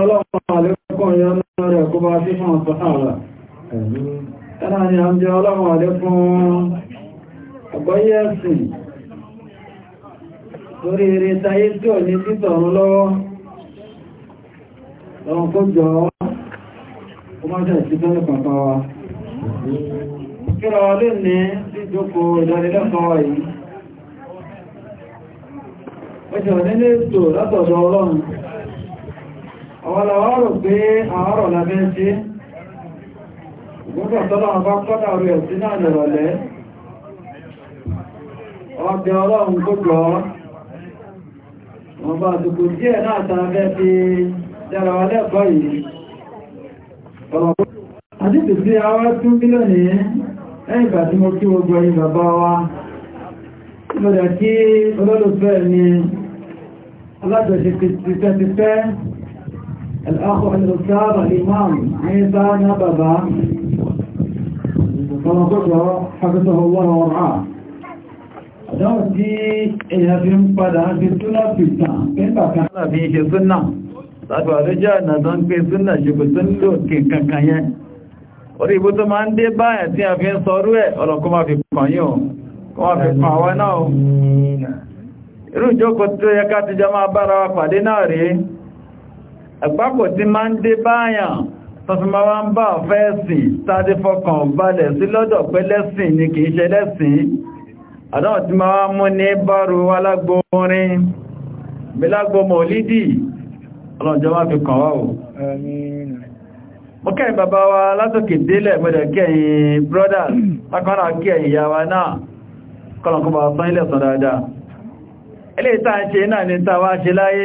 ọlọ́pàá àlékún ìyọ́nà rẹ̀ kó bá sí fún ọ̀sọ̀hàrà ẹ̀nà ni a ń jẹ ọlọ́pàá àlékún àgbọ́yé ẹ̀sìn lórí eré tayé tí ò ní títọ̀run lọ́wọ́ ọ̀run kó jọ ó má jẹ́ ìsìnkẹ́lẹ̀ ètò látọ̀dọ̀ ọlọ́run àwọn làwárò pé àárọ̀ lábẹ́ ṣe ìgbógbà tọ́lá ọba pọ́dà rẹ̀ sí náà lẹ̀rọ̀lẹ́ ọdẹ ọlọ́run tó gbọ́ wọn bá àtùkù díẹ̀ náà tàbẹ́ ti dára wa lẹ́kọ́ yìí àdìtì sí àwọn tún bílọ̀ ní ẹ̀yìn ìgbà tí mo kí gbogbo ẹ̀yìn bàbá wa lọ́dà الأخ الركاب الإمام عيسى نبابا كما قلت حفظه الله ورعاه Àdáwọ̀ tí èyàn fi ń padà fi súnà pìtàn pínpà kan náà fi ṣe súnà, tàbí àríjá ìnà tó ń pè súnà ṣùgbò tó ń lò kí kankan yẹn. Orí ibú tó máa ń dé báyẹ̀ tí a fi ń sọrú ẹ̀ ọ̀rọ̀ kó máa fi kàn yóò, kó máa fi kàn náà. Irú ìjókòó tó yẹ àgbákò tí máa ń dé báyàn tọ́fìmọ́ wá ń bá ọ̀fẹ́ ẹ̀sìn tàbí fọkàn balẹ̀ sí lọ́dọ̀ pé lẹ́sìn ni kìí ṣe lẹ́sìn àdáwò tí máa wá mú ní bárú alágbó orin bilágbó mọ̀lídì ọlọ́njọ́ wá fi kàn wá o mo kẹ́yìn bàbá wa brothers lákọ́nà kẹ́yìn ìyá wa náà kọ́lọ̀kọ́ bá sán ilẹ̀ sọ dáadáa ilé ìta ń ṣe náà ní ta wá ṣe láyé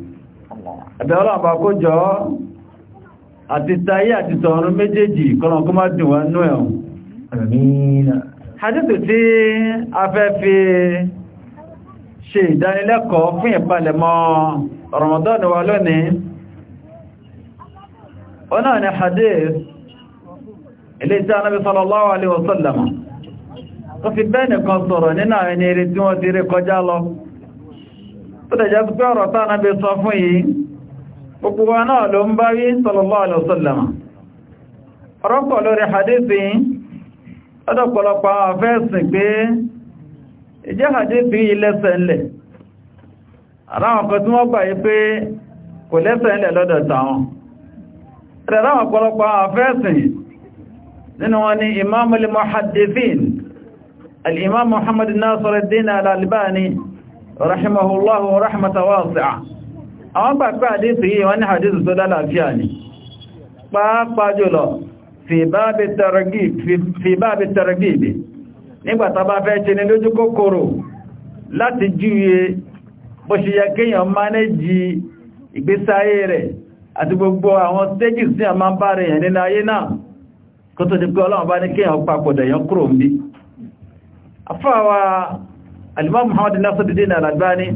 àbẹ̀wọ́lọ́ àpá kó jọ àti tayé àti tọ̀run méjèèjì kọ́lọ̀kọ́ má dùn wọn nú ẹ̀hùn àdítò tí a fẹ́ fi ṣe ìdánilẹ́kọ̀ọ́ fún ìpalẹ̀mọ́ Ramadan wa lónìí ọ̀nà ni hadith ilé tí Ànábì sọ fún yìí gbogbo wa náà ló ń bá rí sallallahu alaihi wasallam ọ̀rọ̀pọ̀ lórí hadithi ọdọ̀pọ̀lọpọ̀ àfẹ́sìn pé ìjẹ́ hadithi ilẹ́sẹ̀nlẹ̀ aláwọn kan tí wọ́n gbà yí pé kò lẹ́sẹ̀nlẹ̀ lọ́dọ̀ tàwọn rẹ̀ráwọn ọ̀pọ̀lọpọ̀ àfẹ́sìn nínú wọn ni imamul muhaddithin al-imam àwọn pàpẹ́ àdísì yìí wọ́n ní àdísì tó lálàáfíà ní pàápàá jùlọ fi bábi targhibi nígbàtà bá fẹ́ ṣe ní lójú kòkòrò láti júye bó ṣe yẹ kéèyàn mánéjì ìgbésáyé rẹ̀ àti gbogbo àwọn stages tí a máa ń bá rẹ̀ yẹn nínú ayé náà kó ní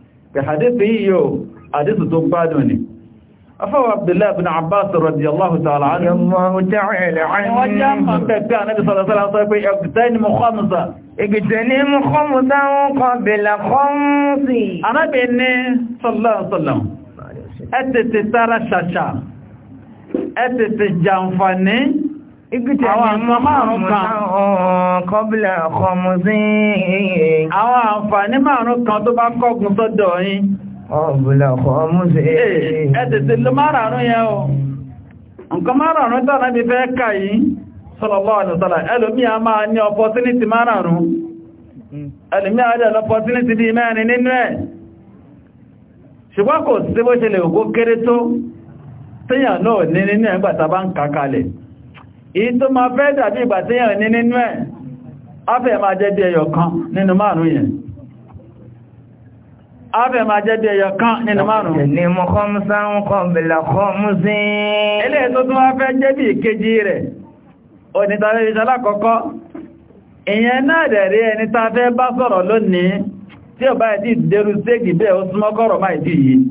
kàhàdìsì yíò àdìsì tó gbádùn ni afọ́wọ́ abdullahi bin abbas radiyallahu ta'ala anhu wọ́n jẹ́ mọ̀ pẹ̀pẹ́ ànábi sọ̀rọ̀sọ́lá sọ pé ẹgbẹ̀tẹ́ ni mo kọ́mùsà ìgbìtẹ̀ni mú Igítẹ̀ àwọn àmọ́ márùn-ún kan. Kọ́bílẹ̀ ọkọ̀mù sí àwọn àǹfààní márùn-ún kan tó bá kọ́gùn tó dọ̀ yín. Kọ́bílẹ̀ ọkọ̀mù sí ẹ tètè ló márùn-ún yẹn o. Nǹkan márùn-ún tọ́nà bí fẹ́ kà yìí, sallallahu alaihi wasallam, ẹlòmí a máa ní opportunity márùn-ún. Ẹlòmí a dẹ̀ opportunity bí mẹ́rin nínú ẹ̀. Ṣùgbọ́n kò sí bó ṣe lè ògó kéré tó, tíyàn náà ní nínú ẹgbàtà bá ń kàkalẹ̀. èyí tó máa fẹ́ dàbí ìgbà tí yẹn ní nínú ẹ̀ afẹ́ máa jẹ́ bí ẹyọ kan nínú márùn yẹn afẹ́ máa jẹ́ bí ẹyọ kan nínú márùn ní mọ́ kọ́mú sáwọn kọ́mbìlà kọ́mú sí ilé tó tún wá fẹ́ jẹ́ bí ìkejì rẹ̀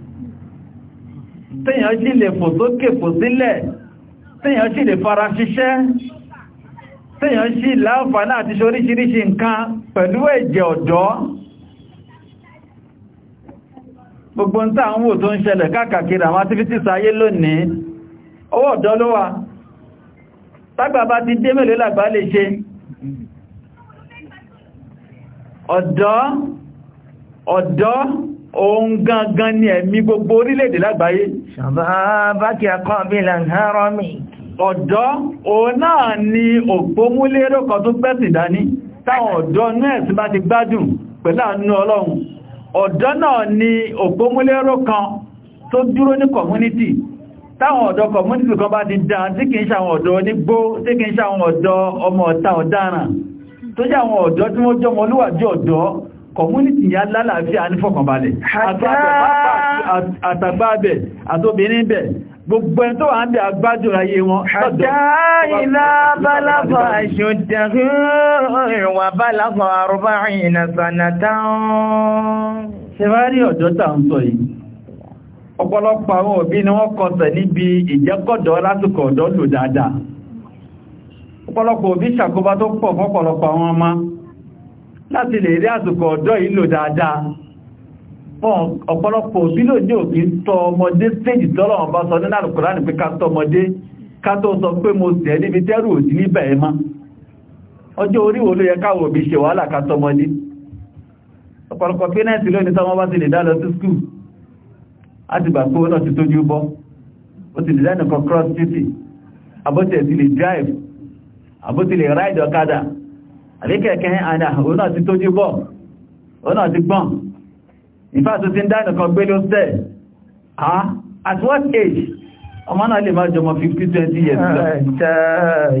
téèyàn sì lè fò sókè fò sílẹ̀ téèyàn sì lè fara ṣiṣẹ́ téèyàn sì láǹfààní àti ṣe oríṣiríṣi nǹkan pẹ̀lú ẹ̀jẹ̀ ọ̀dọ́ gbogbo ń tàà ń ń ṣẹlẹ̀ káàkiri àwọn activities ayé lónìí owó ọ̀dọ́ ló wà tágbà ti dé mélòó làgbà lè ṣe ọ̀dọ́ ọ̀dọ́ òun gangan ni ẹ̀mí gbogbo orílẹ̀-èdè lágbàáyé ṣàbábákí àkọ́bílà hẹ́rọ mi ọ̀dọ́ òun náà ni òpómúlérò kan tó pẹ́sì dání táwọn ọ̀dọ́ ní ẹ̀sìn bá ti gbádùn pẹ̀lú àánú ọlọ́run ọ̀dọ́ náà ni òpómúlérò kan tó dúró ní community táwọn ọ̀dọ́ community kan bá ti dáa tí kìí ṣàwọn ọ̀dọ́ onígbó tí kìí ṣàwọn ọ̀dọ́ ọmọ ọ̀ta ọ̀daràn tó jẹ́ àwọn ọ̀dọ́ tí wọ́n jọmọ olúwàjú ọ̀dọ́ kọmúnítì yà lálàáfíà ní fọkànbalẹ̀ àtàgbàbẹ̀ àtòbìnrin bẹ̀ gbogbo ẹn tó wà ń bẹ̀ agbájú ayé wọn ṣọ́dọ̀ ìlà bálàfà ìṣòdẹ̀rú ìwà bálàfà àrùbá ìrìnà sànàtàun ṣẹwárí ni wọ́n kọsẹ̀ níbi ìjẹ́kọ̀dọ̀ lásìkò ọ̀dọ́ lò dáadáa ọ̀pọ̀lọpọ̀ òbí ṣàkóbá tó láti lè rí àsìkò ọ̀dọ́ yìí lò dáadáa wọn ọ̀pọ̀lọpọ̀ òbí ló ní òkè tọ́ ọmọdé stéjì tọ́lọ̀ wọn bá sọ nínú Al-Qur'an ní pé ká tọ́ ọmọdé ká tó sọ pé mo sì ẹ́ níbi tẹ́rù òdí níbẹ̀ ẹ̀ mọ́ ọjọ́ orí wo ló yẹ káwọ̀ òbí ṣe wàhálà ká ọmọdé ọ̀pọ̀lọpọ̀ cross títì àbótẹ̀ ti drive àbótẹ̀ lè ride ọ̀kadà àríkẹ̀ẹ́kẹ́ àdá òun náà ti tójú bọ̀ òun náà ti gbọ́n ìfáàtù ti ń dá ìnìkan gbé ló sẹ́ ah, at what age ọmọ náà lè máa jọmọ 50-20 years lọ. Ah,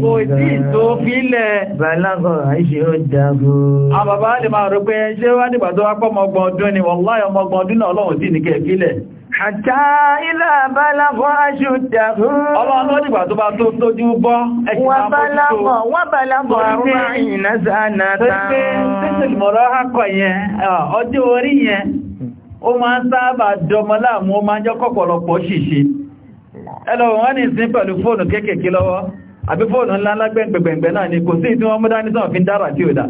Kò tí tó fílẹ̀. Bàlágọ̀ àìṣe ó jago. Àwọn bàbá lè máa rò pé ṣé wá nígbà tó wá pọ́ ọmọgbọ̀n ọdún ni wọ́n láyọ̀ ọmọgbọ̀n ọdún náà ọlọ́run sí ní kẹ́ fílẹ̀. Àtà ilá bàlágọ̀ àṣù dàrú. Ọlọ́run ló tó bá tó tójú bọ́. Wọ́n tán. ẹlọ wọ́n ní ìsìn pẹ̀lú fóònù kéékèèké lọ́wọ́ àbí fóònù ńlá lágbẹ̀gbẹ̀gbẹ̀ náà ni kò sí tí wọ́n mú dání sọ́n fi ń dára tí ó dá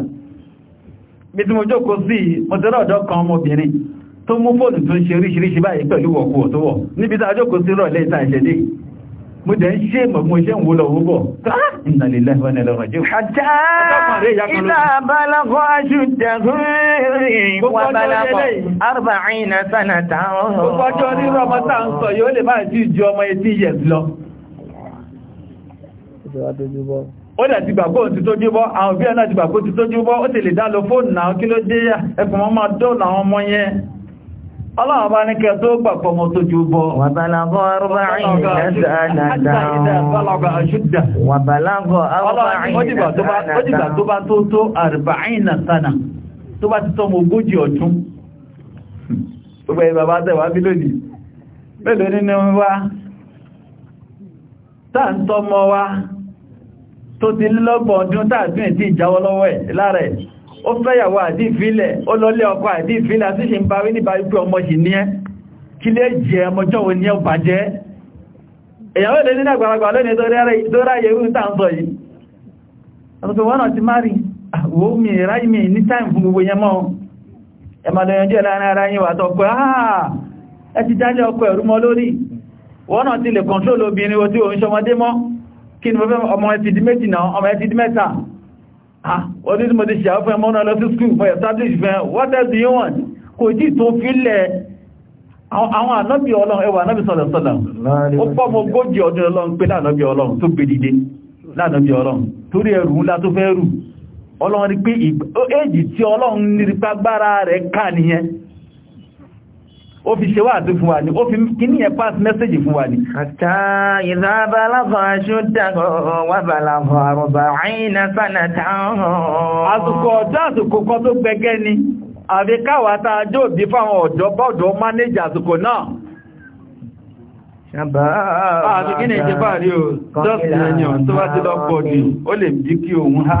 bí tí mo jókòó sí mo tẹ́rọ ọ̀dọ́ kan ọmọbìnrin tó mú fóònù tó ń ṣe oríṣiríṣi báyìí pẹ̀lú wọ̀kúwọ̀ tó wọ̀ níbi tá a jókòó sí rọ̀ lẹ́ta ìṣẹ̀dé mo jẹ́ ń ṣe mọ̀gbọ́n iṣẹ́ ìwò lọ wúbọ̀ Inna lillahi wa inna ilaihi raji'un hatta idha balagha ashuddahu wa balagha arba'ina sanatan gbogbo ọjọ́ rírọ ọmọ tá ń sọ yóò lè máa jí ju ọmọ etí yẹ̀ lọ ó dẹ̀ ti gbàgbọ́ ti tó júbọ́ àwọn òbí ẹ̀ ti gbàgbọ́ ti tó júbọ́ ó ti lè dá lọ fóònù náà kí ló dé ẹkùn ọmọ dọ́ọ̀nà àwọn ọmọ yẹn Allah bá ní kẹ tó gbàgbọ́ mọ́ tó jú bọ́. Wàbàlágọ́ arba'in sanata. Bàlágọ́ aṣúdà. Wàbàlágọ́ arba'in sanata. Ọdígbà tó bá tó tó arba'in sanata. Tó bá ti tó mọ ogójì ọdún. Gbogbo ẹ bàbá tẹ́wàá bí lónìí. Mélòó nínú wa? Táà ń tọ́ wa tó ti lọ́gbọ̀n ọdún táà ó fẹ́yàwó àdí ìfilẹ̀ ó lọ́lé ọkọ àdí ìfilẹ̀ àti ṣe ń bá rí nípa ipé ọmọ sì ní ẹ́ kí lè jẹ ọmọjọ́ ò ní ọba jẹ́ èyàwó lè ní àgbàlagbà lónìí tó ráyẹ irú tàǹsọ̀ yìí ọ̀sọ̀fẹ́ wọ́n náà ti má rí wo mi ráyí mi ní táìm fún gbogbo yẹn mọ́ ẹ ma lọ yanjú ẹ̀lára ara yín wà Ah, wọ́n tí mo ti ṣe àwọn ẹmọ́ náà lọ sí skúl fún establish fẹ́ what else do you want kò tí tó fílẹ̀ àwọn ànábì ọlọ́run ẹwà ànábì sọ̀rọ̀ sọ̀rọ̀ ó pọ́ mọ́ gójì ọdún ọlọ́run pé lánàbì ọlọ́run tó pè dìde lánàbì ọlọ́run torí ẹrù ńlá tó fẹ́ rù ọlọ́run rí pé èjì tí ọlọ́run nírí pàgbára rẹ̀ ká nìyẹn ó fi ṣe wáàdí fún wa ní ó fi kíní ẹ̀ pass message fún wa ní. àtà ìzábalábà ṣúdàkọ̀ wà bàlàbà àrùbà àìyìnà sánàtà àsìkò ọ̀dọ́ àsìkò kan tó gbẹgẹ́ ni àbí káwà tá a jó bí fáwọn ọ̀dọ́ bọ́ọ̀dọ́ manage àsìkò náà ṣàbáà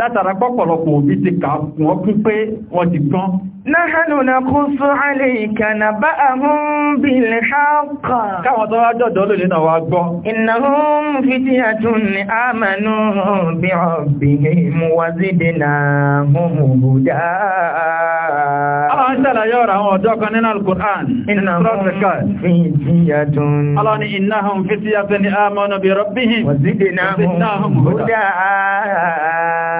látara pọ́pọ̀lọpọ̀ òbí ti kà wọ́n kún pé wọ́n ti gbọ́n. Náhánù na kú sún alẹ́ ìkànnà bá àhún bí lè ṣáàkà. Káwọn tó wá jọ́dọ̀ lónìí náà wá gbọ́. Ìnáhún fi tí a tún ní àmànú bí ọ̀bí mú wá zídé náà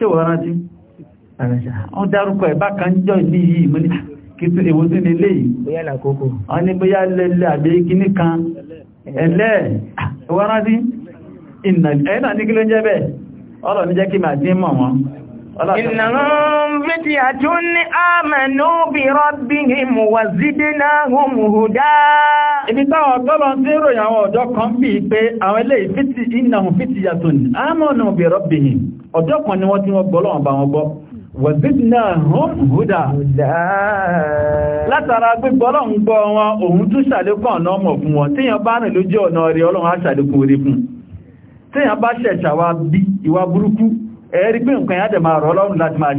ṣe wọ́n rántí wọ́n dárúkọ ẹ̀bá kan jọ ní yìí mú ní kìtù èwo tí ní léyìí bóyá làkókò wọ́n ní bóyá lẹ́lẹ́ àbí kíní kan ẹ̀lẹ́ ah, wọ́n rántí ẹ̀nà ní kí ló jẹ́ bẹ́ẹ̀ ọlọ́ ní jẹ́ kí màá Ibi táwọn ọ̀tọ́lọ̀ tí ròyìn àwọn ọ̀dọ́ kan bí pé àwọn ilé ìfìtì ìnàhùn fìtìyàtùn, àmọ́nà bi rabbihim ọ̀dọ́ kan ni wọ́n tí wọ́n gbọ́ lọ́wọ́n bá wọn gbọ́ wọ̀zídìnà hàn húdà látara gbígbọ́ lọ́wọ́n gbọ́ wọn òun tún ṣàlékún ọ̀nà ọmọ fún wọn tíyàn bá rìn lójú ọ̀nà rẹ̀ ọlọ́run á ṣàlékún orí fún tíyàn bá ṣẹ̀ṣà wa bí ìwà burúkú ẹ̀rí pé nǹkan yádẹ̀ máa rọ̀ ọlọ́run láti máa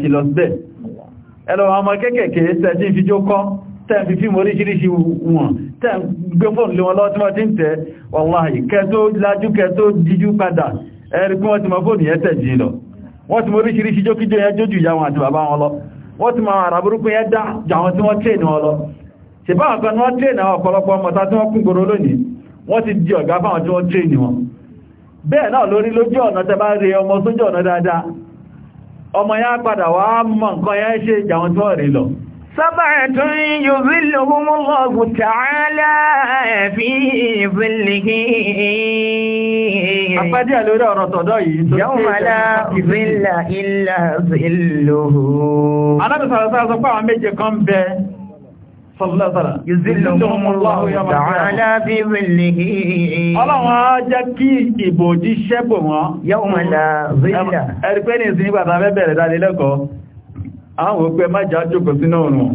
ẹ̀rí pé wọ́n ti mọ fóònù yẹn tẹ̀ lọ wọ́n ti mọ oríṣiríṣi jókíjó yẹn jójú ìyá wọn àti bàbá wọn lọ wọ́n ti mọ àrà burúkú yẹn dá jà wọn tí wọ́n tẹ̀ẹ̀nì wọn lọ ṣèbá àwọn kan wọ́n tẹ̀ẹ̀nì àwọn ọ̀pọ̀lọpọ̀ ọmọta tí wọ́n kún gbòrò lónìí wọ́n ti di ọ̀gá fáwọn tí wọ́n tẹ́ wọn سبعة يظلهم الله تعالى في ظله Àpẹ́dí ẹ̀ lórí ọ̀rọ̀ tọ̀dọ̀ yìí tó ṣe ìlà ìzìlà ìlà ìzìlòhù. Alábìsọ̀rọ̀ sára sọ pé àwọn méje kan bẹ sọ̀lọ́sọ̀rọ̀. Ìzìlòhùn Allahu ta'ala bi zillihi. Ọlọ́run á jẹ́ kí ìbòjí ṣẹ́gbò wọn. Yawma la zilla. Ẹ̀rí pé ní ìsìn àwọn òpẹ má jà jókòó sínú ọ̀rùn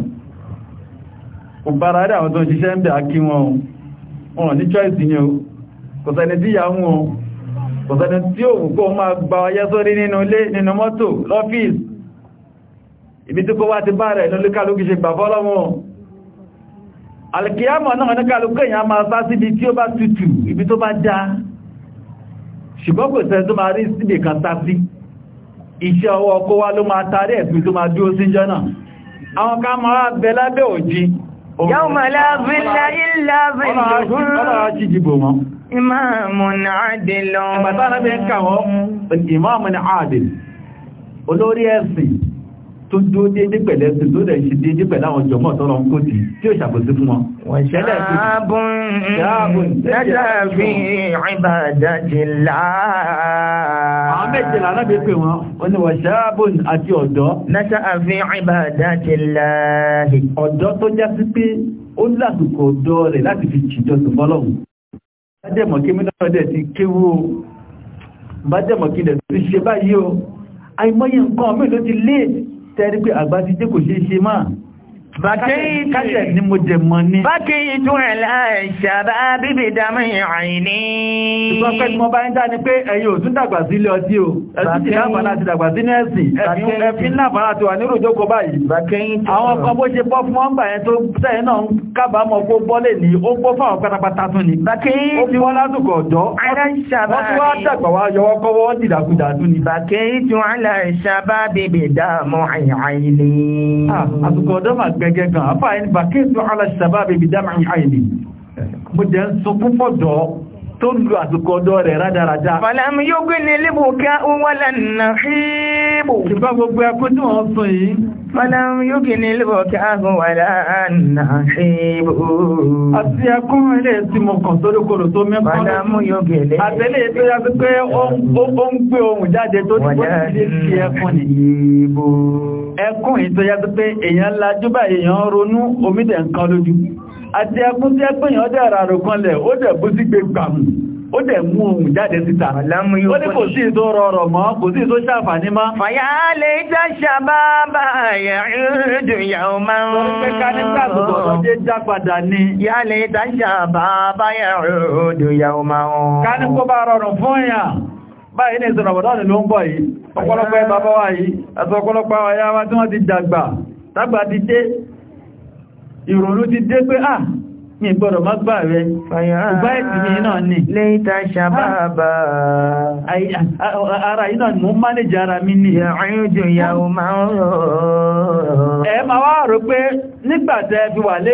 kò bára rí àwọn tó ń ṣiṣẹ́ ń bẹ̀ àkí wọn wọn ní choice yẹn o kò sẹ́ni tí yà ń wọn kò sẹ́ni tí ò wù kó máa gba ọyẹ́ sórí nínú ilé nínú mọ́tò lọ́fíìsì ibi tí kó ti bá rẹ̀ lórí iṣẹ́ ọwọ́ ọkọ́ wá ló máa tarí ẹ̀fin tó máa dúró sí jọ́nà àwọn ká mara bẹ lábẹ́ òjì yàwó máa lábẹ́ lábẹ́ ìlú Imamun adil Olórí ẹ̀sìn tó dúró déédé pẹ̀lẹ́ sí tó dẹ̀ ṣe déédé pẹ̀lẹ́ àwọn jọmọ́ tọ́rọ ń kó tí tí ó ṣàkóso fún wọn. wọ́n ṣàbùn tẹ́jà fi ìbàdàjìlá. àwọn méje lára bí pé wọn wọ́n ni wọ́n ṣàbùn àti ọ̀dọ́. nẹ́ṣà fi ìbàdàjìlá. ọ̀dọ́ tó já sí pé ó lásìkò ọ̀dọ́ rẹ̀ láti fi jìjọ sí fọ́lọ́hùn. bájẹ́mọ̀ kí mi náà tẹ́rí pé àgbà ti dé kò ṣeé ṣe máa Bàkẹ́yìn kájẹ̀ ni mo jẹ mọ ní. Bákẹ́yìn tún rẹ̀ láìṣàbá bíbí dámú ìrìnní. Ìgbọ́n pẹ́ tí mo bá ń dá ni pé ẹ̀yin ò dàgbà sí ilé ọtí o. Ẹ̀sìn ti dàgbà sí nẹ́ẹ̀sì. Ẹ̀fín náà ń kábàámọ̀ kó ní ó bọ́ fún àwọn tún ni. Bàkẹ́yìn tún bíbí dámú ìrìnní. Àsìkò ọ̀dọ́ màgbẹ́ gẹ́gẹ́ gan afáà ẹni bàkí ètò alàṣàbábẹ̀ ìbìdámà àìní mo jẹ́ ń sọ púpọ̀ dọ́ tó ń lo àsìkò ọ̀dọ́ rẹ̀ rádáradá. Fàlàmù yóò gbé ní ká wọ́lá nà ṣíbò. gbogbo tí wọ́n sọ yìí. Fàlàmù yóò gbé ní ilébò ká wọ́lá nà ṣíbò. Àti ẹkún ilé tí mo kàn sórí kòrò tó mẹ́kọ́. Fàlàmù yóò gbé lé. Àtẹ̀lé ni. àti ẹkún tí ẹkún yàn dẹ̀ ra rò kanlẹ̀ ó dẹ̀ bú sí gbé gbàmù ó dẹ̀ mú ohun jáde síta ó ní kò sí ìtò rọrọ̀ mọ́ kò sí ìtò ṣàfàní mọ́ fàyà lè já báyìí ní ń bọ̀ yìí ọ̀pọ̀lọpọ̀ yìí ọ̀pọ̀lọpọ̀ ìrònú ti dé pé à ah, mi ìgbọ́dọ̀ má gbà rẹ̀ ọgbà mi náà ni lẹ́yìntà ṣàbábà ah, ara yìí mú mánéjì ara mi ní ìrìnjò ìyàwó máa ń rọ̀ ma wá pé wà lè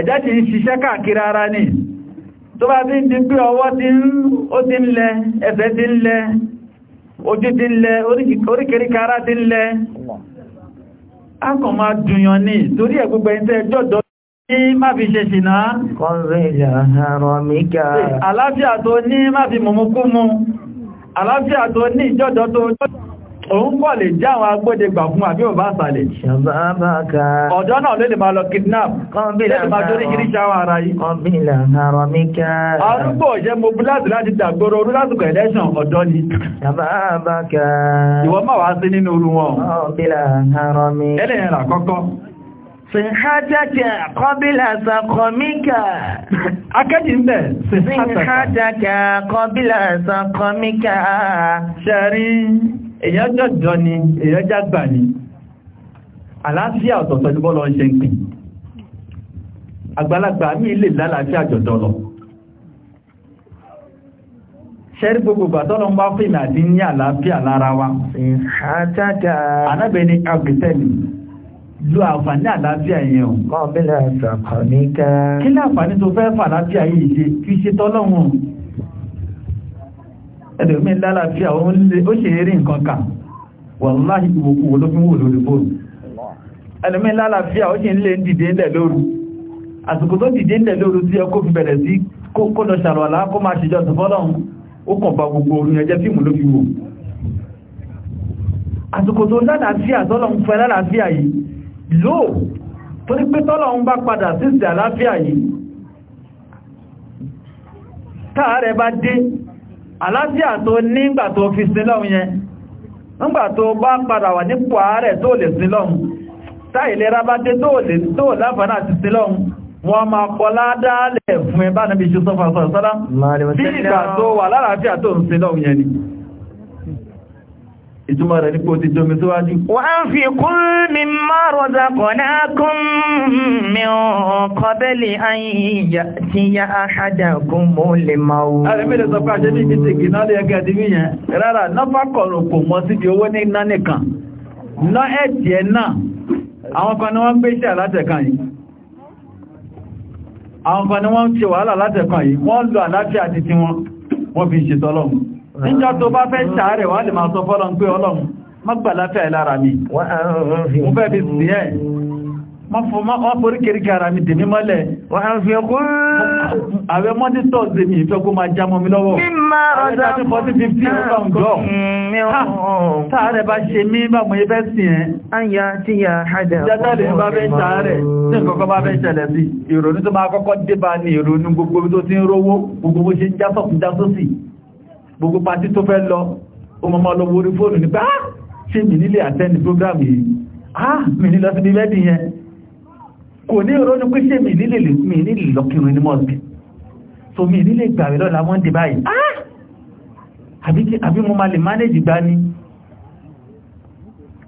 ẹ̀já ti ń ṣiṣẹ́ káàkiri ara ní tó bá ti ń di pé ọwọ́ ti ń lẹ ti ń lẹ ojú ti ń lẹ oríkèríkà ara ti ń lẹ a máa dùnyàn ní torí ẹ̀ gbogbo ẹ̀ ní má fi ṣe ṣìná tó ní mu àlàáfíà tó ní ìjọ́dọ̀ tó jọ́dọ̀ òun kọ́ lè já àwọn agbódegbà fún àbí ò náà ló lè lọ kidnap lè máa torí gíríṣà àwọn ara yìí. arúgbó jẹ́ mo bú láti láti dàgbòrò orú ni. ìwọ máa wá sí nínú orú wọn. ẹlẹ́yìn rà kọ́kọ́. Akẹ́jì ń bẹ̀. èyàn jọ́jọ́ ni èyàn jágbà ni àlàáfíà ọ̀tọ̀ọ̀tọ̀ ní bọ́lọ ṣe ń pìn àgbàlagbà mí lè lálàáfíà jọ̀dọ̀ lọ ṣẹ́rí gbogbo gbàtọ́lọ ń bá fún ìmẹ̀ àti ní àlàáfíà lára wa lo àǹfààní àlàáfíà yẹn o kọ́ọ̀bílẹ̀ àṣàkọ̀ nígbà kí láǹfààní tó fẹ́ fà àlàáfíà yìí ṣe kí ṣe ẹlòmí lálàáfíà ó ṣe eré nǹkan kà wàláhì ìwòkú wo ló fi ń wò lórí bóòrù ẹlòmí lálàáfíà ó ṣe ń lè dìde ńlẹ̀ lóru àsìkò tó dìde ńlẹ̀ lóru tí ẹkó fi bẹ̀rẹ̀ sí kó lọ ṣàrọ̀lá kó máa ṣe jọ́sìn fọ́lọ́run ó kàn bá gbogbo orin ẹjẹ́ fíìmù ló fi wò àsìkò tó lálàáfíà tọ́lọ́run fẹ́ lálàáfíà yìí lóò tó ní pé tọ́lọ́run bá padà sí ìsẹ̀ àlàáfíà yìí táàrẹ bá dé àlàáfíà tó nígbà tó fi sílọ́un yẹn nígbà tó bá padà wà nípò ààrẹ tó lè sílọ́un táìlera bá dé tó láfàánà ti sílọ́un wọ́n ma kọlá dáálẹ̀ fún ẹbá níbi bí ìgbà tó wà lálàáfíà ìtumọ̀ rẹ̀ nípo ti jomi síwájú. wọ́n fi kún mi márùn zakọ̀nà kún mi kọbẹ̀lì ayíyà tí kún mọ́ lè máa wò. sọ pé àṣẹ ní ìgbésẹ̀ gínà lè ẹgbẹ́ ti wíyẹn rárá nọ́fà kọ̀rọ̀ kò mọ́ sí di owó na nìkan ná ẹ̀tì ẹ̀ náà àwọn kan ni wọ́n ń gbéṣẹ́ kan ni níjọ́ tó bá fẹ́ ṣàárẹ̀ wà lè máa sọ fọ́lọ́n pé ọlọ́run mọ́gbàláfẹ́ lára mi mú fẹ́ fi sí ẹ̀ wọ́n forí kiri kára mi dèmí mọ́lẹ̀ àwẹ́ mọ́dí tọ́ọ̀sì mi ìfẹ́ kó máa jámọ́ mi lọ́wọ́ sáàrẹ̀ bá ṣe gbogbo pàtí tó fẹ́ lọ o mọ́ lọ wo orí fóònù ní pé ah ṣe mi nílé àtẹ́ni program yìí ah mi nílọ sí nílẹ̀ dì yẹn kò ní ìrónú pé ṣe mi nílé mi ní mọ́ọ̀sì so mi nílé gbàwẹ̀ lọ́la dé báyìí ah! àbí mo máa lè manage gbá ní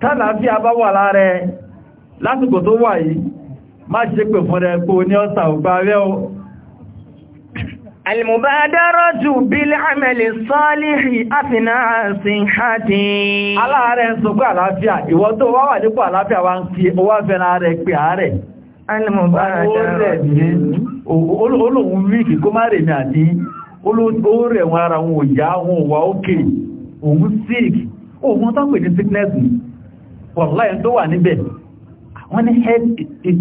tálàáfíà bá wà lára ẹ lásìkò tó wà yìí má ṣe Àlìmùbádárájù bílé àmẹ́lì sọ́lìhì àfinà síhàtì. Aláàárẹ̀ ń sọ pé àlàáfíà, ìwọ tó wá wà àlàáfíà wá ń fi owó rẹ̀ pé àárẹ̀. Àlìmùbádárájù. Olóhun wíkì kó ara sick, ní sickness ni, head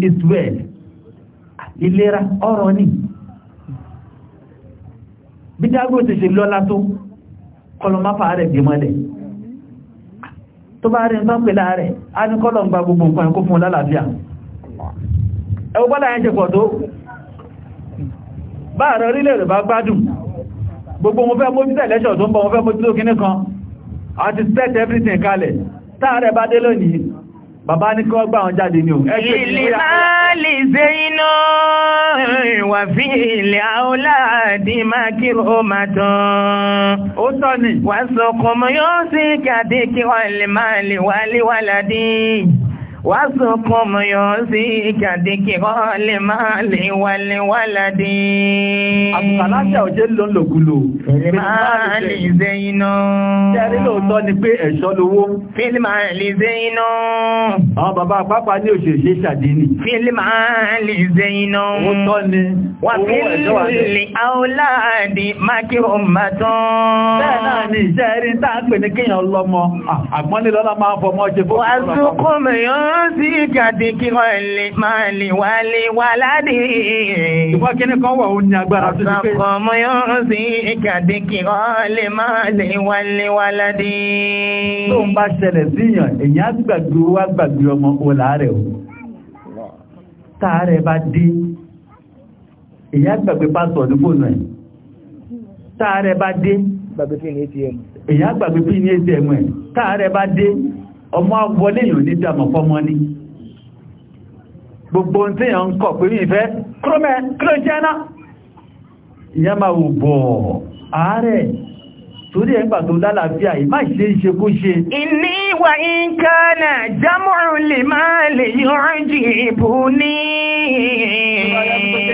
is well, bí jágbó ti ṣe lọ́lá tó kọlọmáfà rẹ̀ dé mọ́lẹ̀ tó bá rí ń sápẹ̀ láàrẹ̀ a ní kọlọ̀ ń gba gbogbo nǹkan ẹ̀kọ́ fún lálàáfíà ẹwọ́ bọ́lá ẹ̀ jẹ pọ̀ tó bá ààrẹ orílẹ̀ rẹ̀ bá gbádùn gbogbo wọn fẹ́ mójútó ẹ̀lẹ́ṣọ̀ tó ń bọ̀ wọn fẹ́ mójútó kíní kan àti set everything kalẹ̀ táàrẹ bá dé lónìí bàbá ní kọ́ gbà wọn jáde ní ò ẹgbẹ́ ìlú wà fi ilẹ̀ àúláàdì máa o máa tán. Ó tọ́ ni. Wà sọkùnmọ́ yóò sí kàdé kí wọ́n lè máa lè wálé wáládìí. وسقم يوسيك ذكرى المال والولد àtàlájà òjé ló ń lògùlò fílmáàlì zẹ́yìnà jẹ́rí lóòótọ́ ni pé ẹ̀ṣọ́ lówó fílmáàlì zẹ́yìnà àwọn bàbá àpapà ní òṣèṣe ṣàdínì fílmáàlì zẹ́yìnà òótọ́ ni wà fílì àúláàdì mákìrò màtán bẹ́ẹ̀ náà ni ìṣẹ́ rí táà pè ní kíyàn lọ́mọ àgbọ́nilọ́lá máa fọmọ́ ṣe fún sí gàdé kí wọ́n lè máa lè wá lè wá ládé. Ìwọ́n kí ní kan wà ó ní agbára tó ti pé. Ọmọ yóò sí gàdé kí wọ́n lè máa lè wá lè wá ládé. Tó ń bá ṣẹlẹ̀ síyàn, èyàn gbàgbé wá gbàgbé ọmọ òlà rẹ̀ o. Táàrẹ̀ bá dé, èyàn gbàgbé pásọ̀ ní fóònù ẹ̀. Táàrẹ̀ bá dé, èyàn gbàgbé pí ní ATM ẹ̀. Táàrẹ̀ bá dé, ọmọ wọlé yìí ní dámọ̀ fọ́mọ́ ní gbogbo tí yàn ń kọ̀ pé ìfẹ́ kúrọ́mẹ́ kúrò jẹ́ná ìyá máa wò bọ̀ ààrẹ torí ẹgbà tó lálàáfíà ìmá ìṣe ìṣe kó ṣe ìní ìwà ìkànnà lè máa lè yọrọ̀ jì ní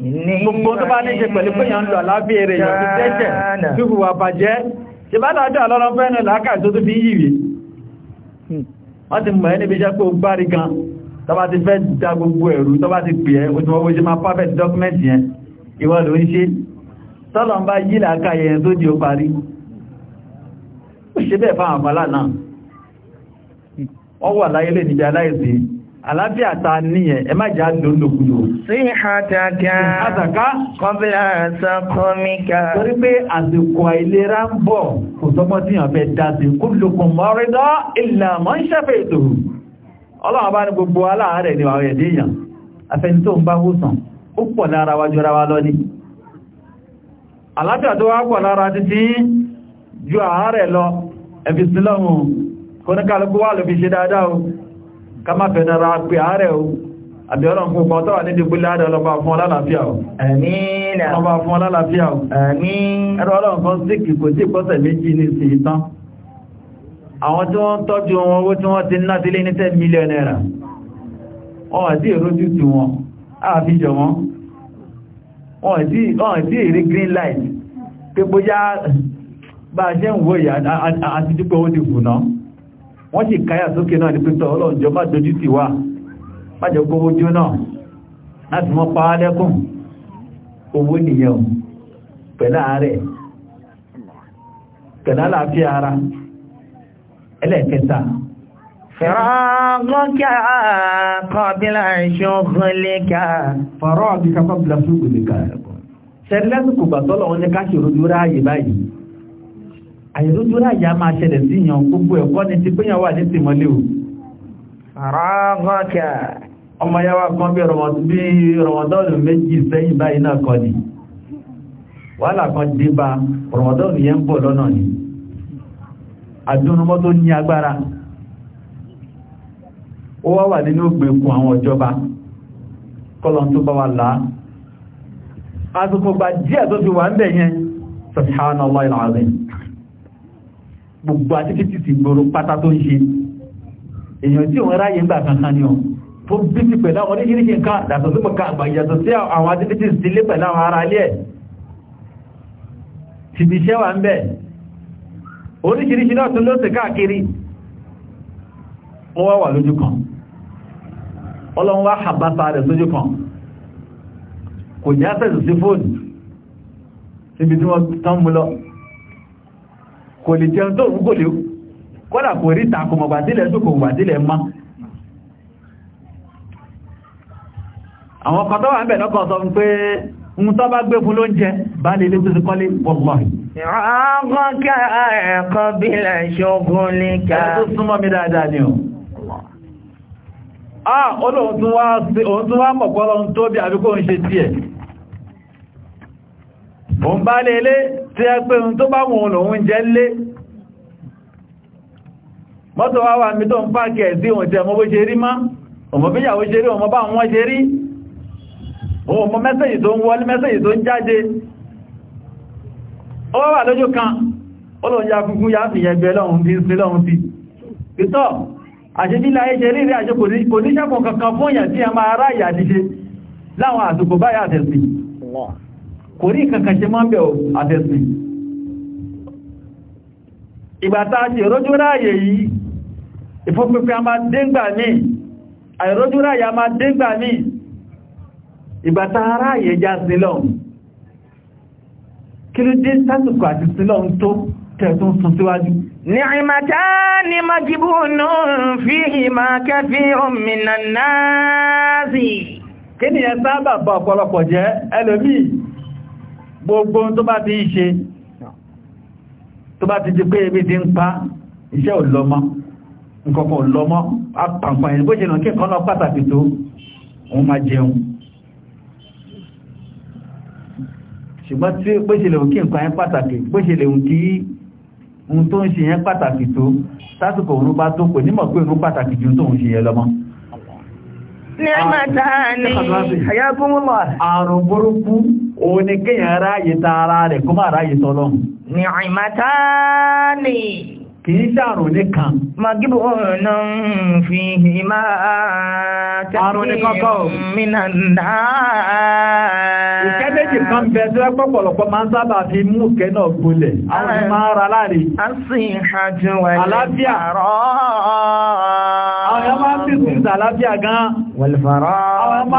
gbogbo tó bá ní ṣe pẹ̀lú pé yàn lọ àlábíẹ̀ rẹ̀ yàn tó tẹ́jẹ̀ tó hùwà bàjẹ́ ṣe bá dájọ́ ọlọ́run fẹ́ ní làákà tó tó fi yìí hmm. wọ́n ti mọ̀ ẹ́ níbi iṣẹ́ pé ó gbárí gan tọba ti fẹ́ da gbogbo ẹ̀rù tọba ti pè ẹ́ oṣù ọwọ́ ṣe máa perfect document yẹn ìwọ ló ń ṣe tọ́lọ̀ ń bá yí làákà yẹn tó di ó parí ó ṣe bẹ́ẹ̀ fáwọn àbálà náà wọ́n wà láyé lè níbi aláìsí àlábíà ta níyẹn ẹ má jà lóńdòkúdò Síhàtàkà. Àtàkà. Kọ́bílà sọ́kọ́míkà. Torí pé àsìkò àìlera ń bọ̀, kò sọ́gbọ́n tí yàn fẹ́ dáṣe, kó lókun mọ́rídọ́ ìlàmọ́ ń ṣẹ́fẹ́ ètò. Ọlọ́run bá ní gbogbo aláàárẹ̀ ni àwọn ẹ̀dẹ́ èèyàn. ju àárẹ̀ lọ, ẹ̀fì sílọ́run, kóníkàlùkú wà lóbi ṣe dáadáa o, ká má fẹ́ nara pé àárẹ̀ o, àbí ọlọ́run fún ọkọ̀ tọ́wà nídìí gbílẹ̀ àdá ọlọ́pàá fún ọlálàáfíà ọ̀. àmín ọlọ́pàá fún ọlálàáfíà ọ̀. àmín ẹ̀rọ ọlọ́run kan síkì kò tí pọ́sẹ̀ méjì ní sí ìtàn àwọn tí wọ́n tọ́jú wọn owó tí wọ́n ti ná sílé ní 10 mílíọ̀n náírà wọ́n àti èròjú tí wọ́n àfíjọ wọn wọ́n àti èrè green light pé bóyá bá a ṣe ń wó ìyá àti dípò owó ti kù náà wọ́n sì káyà sókè náà ní pẹ́tọ̀ ọlọ́run jọba dojú ti wà májẹ̀ kó ojú náà láti mọ́ pa lẹ́kùn owó nìyẹn pẹ̀lá rẹ̀ pẹ̀lá láàfí ara ẹlẹ́ẹ̀kẹta Fẹ̀rọ̀gọ́kà kọbílà ṣọ́gbọ́lẹ́kà. Fẹ̀rọ̀gọ́kà kọbílà ṣọ́gbọ́lẹ́kà. Ṣẹ̀rẹ̀lẹ́sùkù gbàtọ́lọ̀ wọn ní káṣì rojú ráyè báyìí àyẹ̀lójú láyé a máa ṣẹlẹ̀ sí ìyàn gbogbo ẹ̀kọ́ ni ti péyàn wà ní tìmọ́lé o. Rọ́gọ́kà ọmọ yáwá kan bí rọmọdọ́nù méjì sẹ́yìn báyìí náà kọ́ ni wàhálà kan dé bá rọmọdọ́nù yẹn ń bọ̀ lọ́nà ni àdúnumọ́ tó ní agbára ó wá wà nínú ògbèkùn àwọn ìjọba kọlọ̀ tó bá wà láà àtùkùgbà díẹ̀ tó fi wà ń bẹ̀ yẹn subhanallahi alazim gbogbo tó bíbí pẹ̀lú àwọn oníṣiríṣi nǹkan yàtọ̀ sí mọ̀ká àgbà yàtọ̀ sí àwọn adébítì sílé pẹ̀lú àwọn ará alẹ́ tìbí iṣẹ́ wà ń bẹ̀ oníṣiríṣi náà tún ló sì káàkiri wọ́n wá wà lójú kan ọlọ́run wá àbáta rẹ̀ sójú kan kò ní àṣẹ́sì sí fóònù níbi tí wọ́n tán mú lọ kò lè àwọn kan tó wà ń bẹ̀ lọ́kàn sọ pé ń tọ́ bá gbé fún ló ń jẹ bá lè lé tó ti kọ́lé wallahi ìrọ̀gọ́gá ẹ̀kọ́ bí lẹ́ṣọ́gún ní ká ẹ̀kọ́ tó súnmọ́ mi dáadáa ni o ah olóhun tún wá mọ̀pọ̀lọ́ ń tó bí àbíkó ń ṣe sí òun jẹ́ ọmọ bó ṣe rí má ọmọ bí ìyàwó ṣe rí ọmọ bá wọn ṣe rí òun mọ mẹ́sẹ̀jì tó ń wọlé mẹ́sẹ̀jì tó ń jáde ó wà lójú kan olóhun ya gúgún ya fi yẹn bẹ lọ́hun bí sí lọ́hun bí pítọ́ àṣẹ́bílá ẹjẹ́ rírí àṣẹ́ kò ní ṣẹ́kùn kankan fún ìyàn tí a máa ará ìyà díṣe láwọn àsìkò báyà àtẹ̀sì kò rí kankan ṣe máa ń bẹ̀ àtẹ̀sì ìgbàta ṣe rójú ráyè yìí ìfúnpínpín a máa déngbà míì àìrójú ráyè a máa déngbà míì ìbàtà ara àyẹjá sílọ̀ kí ló dé sásùkò àti sílọ̀ ń tó tẹ̀tún sun síwájú ni'imata ni majibunu fi ìmá kẹfí òmìnà náàzì kí ni ẹ sábà bá ọ̀pọ̀lọpọ̀ jẹ́ ẹlòmí gbogbo tó bá ti ṣe tó bá ti di pé ebi ti ń pa iṣẹ́ ò lọ mọ́ apàǹpàǹ ìbóṣe kí kan pàtàkì tó òun máa jẹun ṣùgbọ́n tí ó ṣe lè kí nǹkan yẹn pàtàkì bó ṣe lè kí ohun tó ń ṣe yẹn pàtàkì tó sásìkò òun bá tó kò nímọ̀ pé òun pàtàkì ju tó ń ṣe yẹn lọ́mọ. ní ọmọ táà ní àyàkúnmọ́. àrùn burúkú òun ni kéèyàn ráàyè kìí ṣàrò nìkan. Magibu ọ̀nà fi hìmá tàbí mìnà náà. Ìkẹ́ méjì kan bẹ tí wọ́n pọ̀pọ̀lọpọ̀ máa ń sábà fi mú kẹ́ náà gbolẹ̀. Àwọn ọmọ ara láàrin. A sì hajjú wà ní àlàáfíà. Àwọn ọmọ bí sí àlàáfíà gan. Wàlfàrọ́. Àwọn ọmọ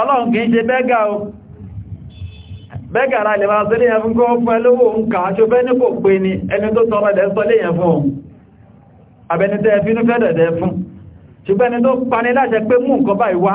ọlọ́run kìí ṣe bẹ́gà o bẹ́gà ara lè máa sọ́lé yẹn fún kọ́ pẹ́ lówó ń kà áṣò bẹ́ ní kò pé ní ẹni tó tọrọ ẹ̀dẹ̀ sọ́lé yẹn fún òun àbẹnitẹ́ ẹfínú fẹ́dẹ̀dẹ̀ fún ṣùgbọ́n ẹni tó pani láṣẹ pé mú nǹkan báyìí wá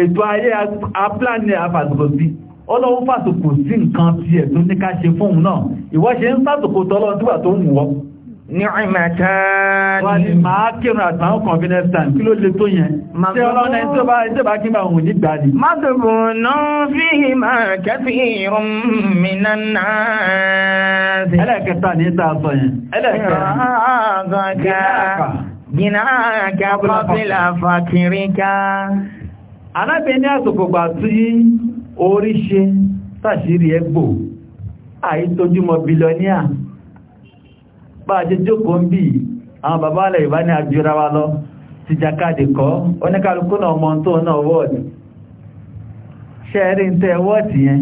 ètò ayé apláni àfàsùkò sí ọlọ́run fàsùkò sí nǹkan tí ẹ̀ tó ní ká ṣe fún un náà ìwọ ṣe ń fàsùkò tọ́lọ́run tó wù ọ́ ní ìmẹ̀tẹ́ni ní máa kírùn àtàwọn convenience time kí ló lè tó yẹn tí ọlọ́run ẹni tó bá ìjọba kí máa hùn nígbà ní mọ́tòbù náà fi máa kẹfì irun mìíràn náà anábẹ̀ ní àsòkògbà tí orí ṣe tàṣírí ẹgbò àìtójúmọ̀ bílọ́níà bá jẹ jókòó ń bí àwọn bàbá alẹ́ ìbá ní àjúra wa lọ ti jàkadì kọ́ oníkàlùkù náà mọ́ tó náà wọ́ọ̀dì ṣẹ́rin tẹ́ wọ́ọ̀dì yẹn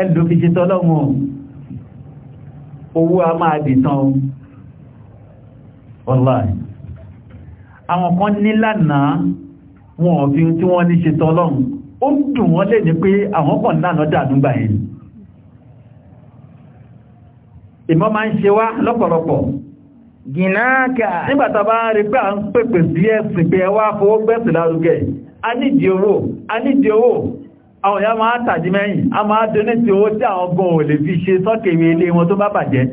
ẹlò tọ́lọ́mù wọn ò fi tí wọ́n ní ṣe tọ́lọ́run ó dùn wọ́n lè ní pé àwọn pọ̀ náà lọ́dà àdúgbà yìí ìmọ̀ máa ń ṣe wá lọ́pọ̀lọpọ̀ gìnáàkà nígbàtà bá rí pé à ń pèpè sí ẹ̀sìn pé ẹwà fowó gbẹ̀sì lárugẹ a nídìí owó a nídìí owó àwọn ìyá máa tàjí mẹ́yìn a máa donate owó tí àwọn ọgbọ̀n ò lè fi ṣe sọ́kèwé ilé wọn tó bá bàjẹ́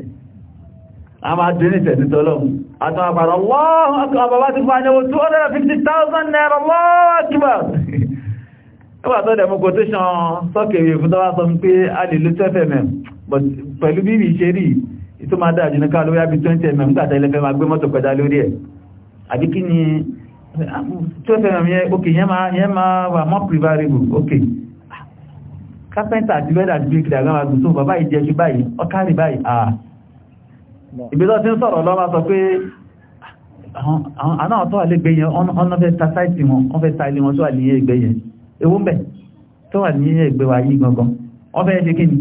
a máa dé ní tẹ̀sí tọ́lọ́mù àtàwọn àpàdà wọ́n ọkọ̀ bàbá ti fún àyẹ̀wò 250,000 naira lọ́wọ́ kíbà ẹwà tó dẹ̀mú quotation sọ́kèwé fún tọ́wà sọ pé a lè ló 12mm pẹ̀lú bí ìṣe rí ìtò máa dáa jùlọ káà lórí àbí 20mm gbàtà ilẹ̀fẹ́ máa gbé mọ́tò kọjá lórí ẹ̀ àbí kí ni 12mm yẹn ok yẹn máa wà more preferable ok kápẹ́ntà àti bẹ́ẹ̀dà àti bíkìlì ìgbésọ́ tí ń sọ̀rọ̀ lọ́wọ́ sọ pé àwọn àtọ́ àlégbéyẹn ọ̀nà fẹ́ ta sáìtì wọn wọ́n fẹ́ ta ilé wọn tó wà ní ẹgbẹ́yẹn ewu ń bẹ̀ tó wà ní ẹgbẹ́ wa yìí gangan wọ́n fẹ́ ṣe kíni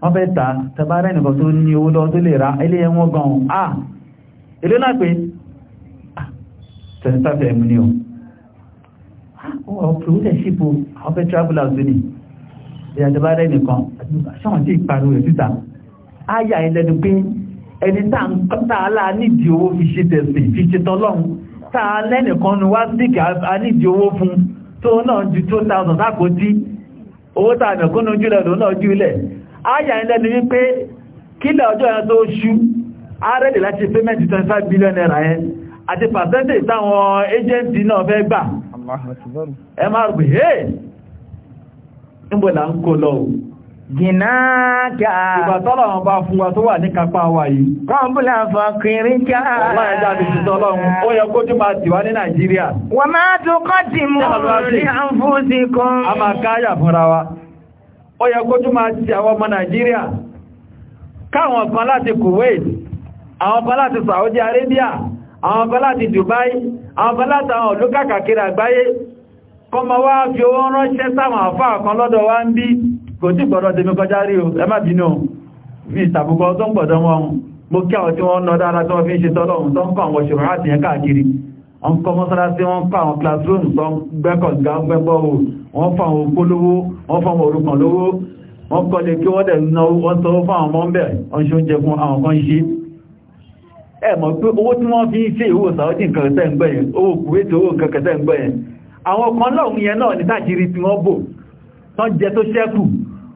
wọ́n fẹ́ ta tẹbárẹ́ nìkan tó ní owó lọ tó lè ra ilé ẹwọ́n gan à ilé náà pé tẹ̀sítàfẹ́ mú ni o ọ̀pọ̀ ìwúlẹ̀ ṣípo àwọn fẹ́ travelers ní ìyàtẹ̀bárẹ́ nìkan ṣọ́wọ́n tí ìparí rẹ̀ síta á yà ilẹ̀dùn ẹni tààlà nídi owó fi ṣe tẹ̀sì fi ṣe tọ́lọ́run tààlà ẹnìkan ní wá síkì a nídi owó fún tó náà ju 2000 sákò tí owó tààmẹ̀kúnnú jùlẹ̀ ló náà jùlẹ̀ ayà ilẹ̀ ni wípé kílẹ̀ ọjọ́ ẹran tó ṣú arẹ́dẹ̀ láti payment 25 billion naira yẹn àti percentage táwọn agency náà fẹ́ gbà ẹ máa rò pé hey là ń kó lọ́wọ́ Gìnáàkà. Ìbàtọ́lọ̀ àwọn bá fún wa tó wà ní kápá wa yìí. Kọ́nbùlà fọkìrí ká. Ọlá ẹja ó yẹ kó tí máa tìwá ní Nàìjíríà. Wọ́n máa tó kọ́ mú rí kan. A máa káyà fúnra wa. Ó yẹ kó tí máa ti àwọn ọmọ Nàìjíríà. Káwọn kan láti Kuwait, àwọn kan láti Saudi Arabia, àwọn kan láti Dubai, àwọn kan láti àwọn olúkàkàkiri àgbáyé. Kọ́mọ wá fi owó ránṣẹ́ sáwọn àfáà kan lọ́dọ̀ wa ń kò tí gbọ́dọ̀ tèmi kọjá rí o ẹ má bínú mi ìtàbùkọ tó ń gbọ́dọ̀ wọn mo kí àwọn tí wọ́n ń nọ dára tó wọ́n fi ń ṣe tọ́lọ́run tó ń kọ́ àwọn ṣòro láti yẹn káàkiri wọ́n kọ́ mọ́sálásí wọ́n kọ́ àwọn classroom tó ń gbẹ́kọ̀gá gbẹ́gbọ́ o wọ́n fọ́ àwọn opó lówó wọ́n fọ́ àwọn orúkàn lówó wọ́n kọ́ lè kí wọ́n dẹ̀ náwó pé owó tí wọ́n fi ń ṣe ìwò sàwọ́dì kẹkẹtẹ́ ń owó kúwétì owó kẹkẹtẹ́ ń àwọn kan lọ́hùn yẹn náà ní tájiri tí wọ́n bò tán jẹ tó ṣẹ́kù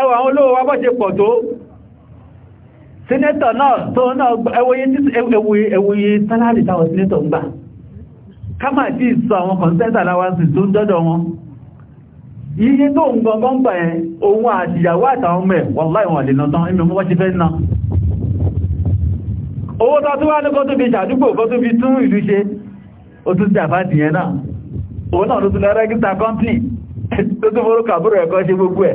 ẹwà àwọn olówó wa bọ́ ṣe pọ̀ tó sínẹ́tọ̀ náà tó náà ẹwòye sálárì táwọn sínẹ́tọ̀ ń gbà kámà tí sọ àwọn kọ̀nsẹ́ntà aláwánsì tó ń dọ́dọ̀ wọn iye tó ń gọngọ́n gbà ẹ ohun àtìyàwó àtàwọn mẹ́ wọ́láì wọn lè nà tán inú wọ́n ti fẹ́ ná owó tó tó wá ní kó tó fi ṣàdúgbò kó tó fi tún ìlú ṣe ó tún ti àfáàtì yẹn náà búrò ẹ̀kọ́ ṣe gbogbo ẹ̀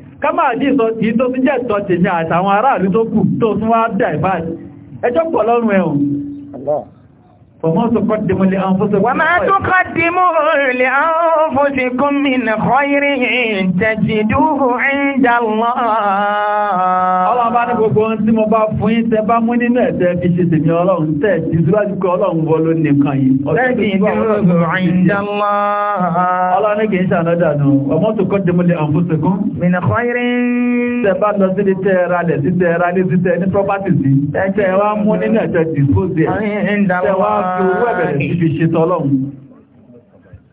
kámà àdí ìtò tí jẹ́ ìtọ́ tèmi àtàwọn aráàlú tó kù tó tún wá ẹjọ́ pọ̀ lọ́rùn ẹ̀hùn وما تقدموا لأنفسكم وما تقدموا لأنفسكم من خير تجدوه عند الله Ọlọ́run bá ní gbogbo ohun tí mo bá fún yín tẹ bá mú nínú ẹ̀tẹ́ fi ṣe tèmi ọlọ́run tẹ́ ti síwájú pé ọlọ́run wọ́ ló nìkan yìí. Ọlọ́run ní kìí ṣànádànù, ọmọ tó kọ́ jẹmọ́lẹ̀ àǹfúsẹ̀kún. Tẹ bá lọ sí tẹ ra lẹ̀ sí tẹ ra lé sí tẹ ní property sí. Tẹ wá mú nínú ẹ̀tẹ́ dispose owó ẹ̀bẹ̀rẹ̀ sí fi ṣe tọ́lọ́run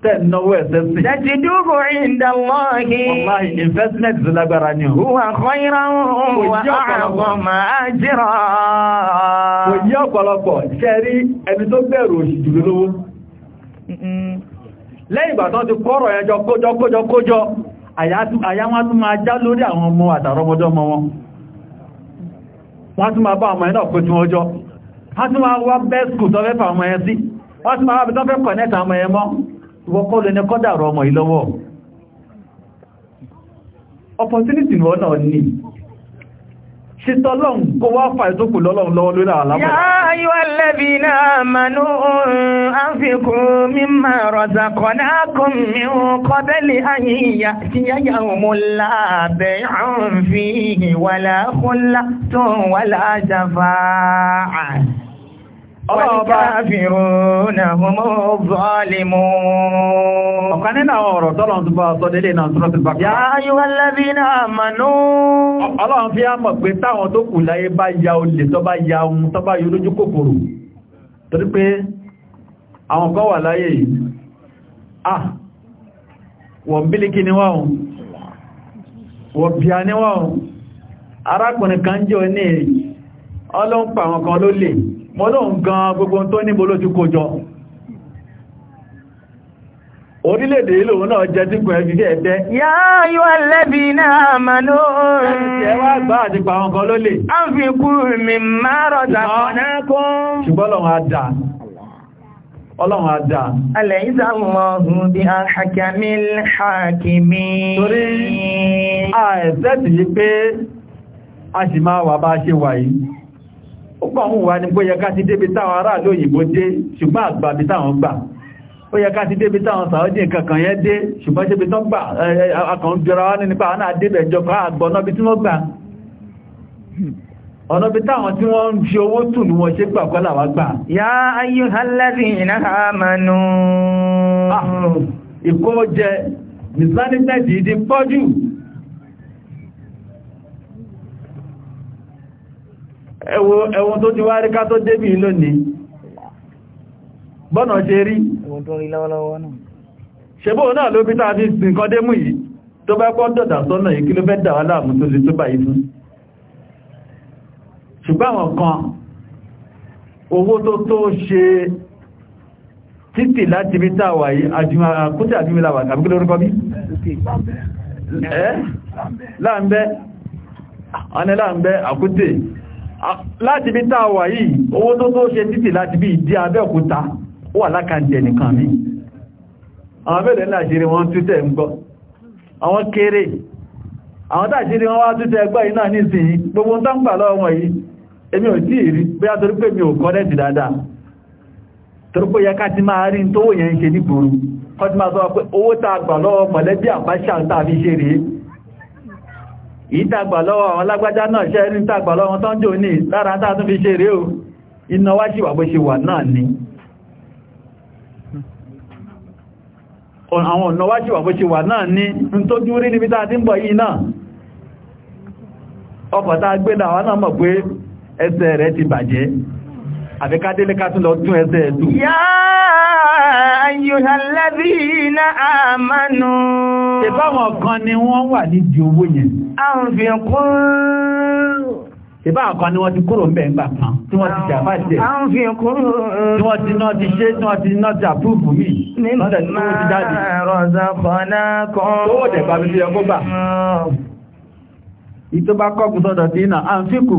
tẹ́ẹ̀nọ́wọ́ ẹ̀sẹ̀ sí. Dẹ̀tí dúró ìdá lọ́hí. Wọ́láhì investment tó lágbára ni. Wà kọ́ ọ̀pọ̀lọpọ̀ tó bèrè wọ́n tún máa wá best school tó fẹ́ fà ọmọ ẹ̀ sí wọ́n tún máa bí tó fẹ́ ọmọ ẹ̀ mọ́ lè ní kọ́dàrọ ọmọ ìlọ́wọ́ opportunity wọ́n náà ní ṣe tọ́lọ́n kó wá fà ìtókù lọ́lọ́n lọ́wọ́ lórí àlámọ̀. yá ayúwà lẹ́bí náà manú àfikù mímọ̀ razaqnakum min qabli an ya'tiya yawmun la bay'un fihi wala khullatun wala jafaa Wàlìkáfìrúnà hùmú zọ́límú. Ọ̀kan nínú àwọn ọ̀rọ̀ tọ́lọ̀ tó bá sọ délé náà Ọlọ́run fi á pé táwọn tó kù láyé bá ya olè tó bá ya ohun tó bá yóò lójú kòkòrò. Torí pé àwọn kan wà láyé yìí. Ah, wọ̀n bílíkì ni wọ́n, wọ̀n bíà ni wọ́n, arákùnrin kan jẹ́ oní ọlọ́pàá àwọn kan ló lè. mọdụ gan gbogbo tó níbo ló ti kójọ orílẹ̀-èdè ilò náà jẹ tí kò ẹgbẹ́ ẹ̀dẹ́ yá yíò ẹlẹ́bí náà mà lóòrùn ẹwà gbá àti pa àwọn kan ló lè mi márọ̀ ọ̀pọ̀ àwọn wà ní bóyẹ ká ti débi táwọn ará lóyìnbó dé ṣùgbọ́n àgbàbí táwọn gbà ó yẹ ti débi táwọn sàọ́dí kankan yẹn dé ṣùgbọ́n ṣe bí tán gbà akàn jọra wá nípa àwọn àdébẹ̀ ìjọba ìkó jẹ nìsánítẹ́sì ìdí pọ́jù ẹwọ́n tó ti wá rí ká tó débì lónìí bọ́nà ṣe rí ṣebó náà ló bí tàà fi nǹkan dé mú yìí tó bá pọ́ dọ̀dà sọ́nà yìí kí ló fẹ́ dà wá láàmú tó lè tó bá yìí fún ṣùgbọ́n àwọn kan owó tó tó ṣe títì láti bí tá a wà yìí owó tó tó ṣe títì láti bí ìdí Abẹ́òkúta ó wà lákàndẹ̀ nìkan mi àwọn mẹ́lẹ̀ ní àṣírí wọn tútẹ̀ ń gbọ́ àwọn kéré àwọn tàṣírí wọn wá tútẹ̀ gbọ́ iná nísìnyí gbogbo ń tán pàlọ́ wọn yìí èmi ò tí ì rí gbà lọ́wọ́ ìtàgbà lọ́wọ́ àwọn lágbájá náà ṣẹ́ ní ìtàgbà lọ́wọ́ tán jò ní lára tàà tún fi ṣe rí o iná wá ṣìwà bó ṣe wà náà ni àwọn ọ̀nà wá ṣìwà bó ṣe wà náà ni n tó dúrí níbi tàà tí ń bọ̀ yìí àbíkádélé ká tún lọ tún ẹsẹ̀ ẹ̀lú. Yá ayyuhallazi na àmánú. Ìbáwọn kan ni wọ́n wà nídìí owó yẹn. A ń fi kún. Ìbáwọn kan ni wọ́n ti kúrò mẹ́ ńgbà kan tí wọ́n ti jàmbá jẹ. A ń fi kún. Tí wọ́n ti náà ti ṣe tí wọ́n ti náà ti àpúrùfù mí. Nínú máa rọ̀zà kọ̀ọ̀nà kan. Owó bá mi sọ́dọ̀ sí náà, à ń fi kù.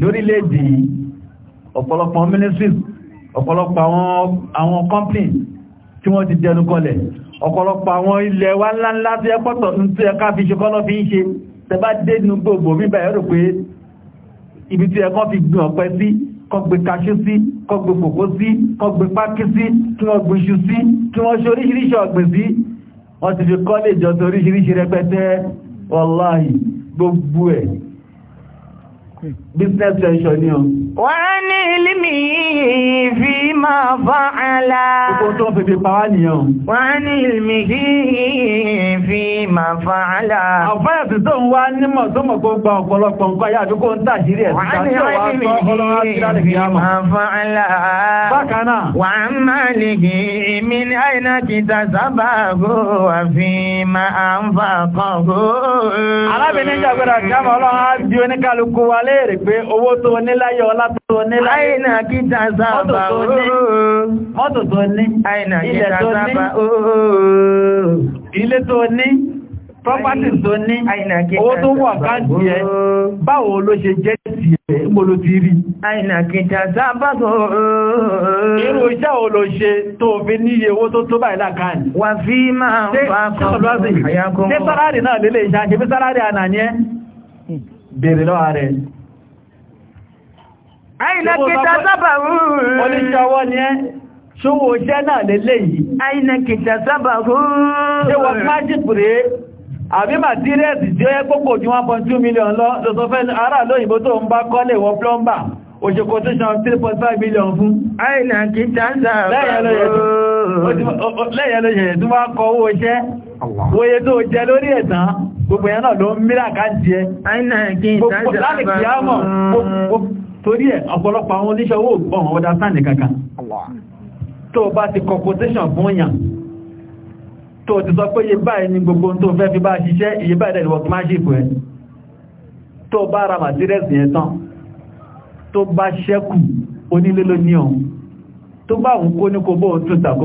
lórílẹ̀-èdè ọ̀pọ̀lọpọ̀ ministries ọ̀pọ̀lọpọ̀ àwọn company tí wọ́n ti dẹnu kọlẹ̀ ọ̀pọ̀lọpọ̀ àwọn ilẹ̀ wa ńláńlá tí ẹ pọ́tọ̀ tí ẹ ká fi ṣe kọ́lọ́ fi ń ṣe tẹbá dénú gbogbo bíbà ẹ̀rọ pé ibi tí ẹ kọ́ fi gbìn ọ̀pẹ sí kọ́ gbé kaṣú sí kọ́ gbé kòkó sí kọ́ gbé pákí sí kí wọ́n gbé iṣu sí kí wọ́n ṣe oríṣiríṣi ọ̀gbìn sí wọ́n ti fi kọ́lé ìjọ sí oríṣiríṣi rẹpẹtẹ wọláhì gbogbo ẹ̀ business venture ni o. wọ́n ní ilimi fi máa fọ́ àlá. Gbogbo tó fi fi pàwá nìyàn. Wọ́n ní ilimi fi máa fọ́ àlá. Àfáyà tí tó ń wá nímọ̀ tó mọ̀ kó gba ọ̀pọ̀lọpọ̀ nǹkan yà àdúgbò ń tàṣírí ẹ̀ tí wọ́n wá sọ ọlọ́wọ́ sí láti fi àmọ̀. Bákan náà. Wà á máa lè gbé mi ní àìná béèrè pé owó tó ní láyé ọlá tó ní láyé àìnà kíta sábà ooo mọ́tò tó ní àìnà kíta sábà ooo ilé tó ní property tó ní owó tó wà káàkì ẹ báwo ló ṣe jẹ́ sí ẹ̀ mọ́lò ti rí àìnà kíta sábà ooo irú iṣẹ́ wo ló ṣe tó fi níye owó tó tó báyìí lákàáyì wà fí máa ń fa kọ́ ṣe sálárì náà lélẹ̀ ìṣàkébí sálárì ànà ní ẹ́ bèèrè lọ́wọ́ rẹ̀ àìnà kìtà sábà rúrùn oníṣọ́wọ́ ṣúwò jẹ́ náà yìí àìnà kìtà ṣe wọ́n májìpù rẹ̀ àbí màtírẹ́ẹ̀sì tí ó yẹ pọ́pọ̀ ju 1.2 million lọ lọ́sọ̀fẹ́ ará lóyìnbó tó ń bá kọ́lé wọ plọ́mbà òṣèkò tó ṣan 3.5 million fún àìnà kí Gbogbo torí ẹ̀ ọ̀pọ̀lọpọ̀ àwọn oníṣẹ́ owó ọ̀hún ọ̀dá sáàni kankan tó bá ti kọ quotation fún yàn tó ti sọ pé iye báyìí ni gbogbo tó fẹ́ fi bá ṣiṣẹ́ iye báyìí dẹ̀lẹ̀ workmanship ẹ̀ tó bá ra materials yẹn tán tó bá ṣẹ́kù onílé ló ní ọ̀hún tó bá òun kó ní kó bó tún tà kó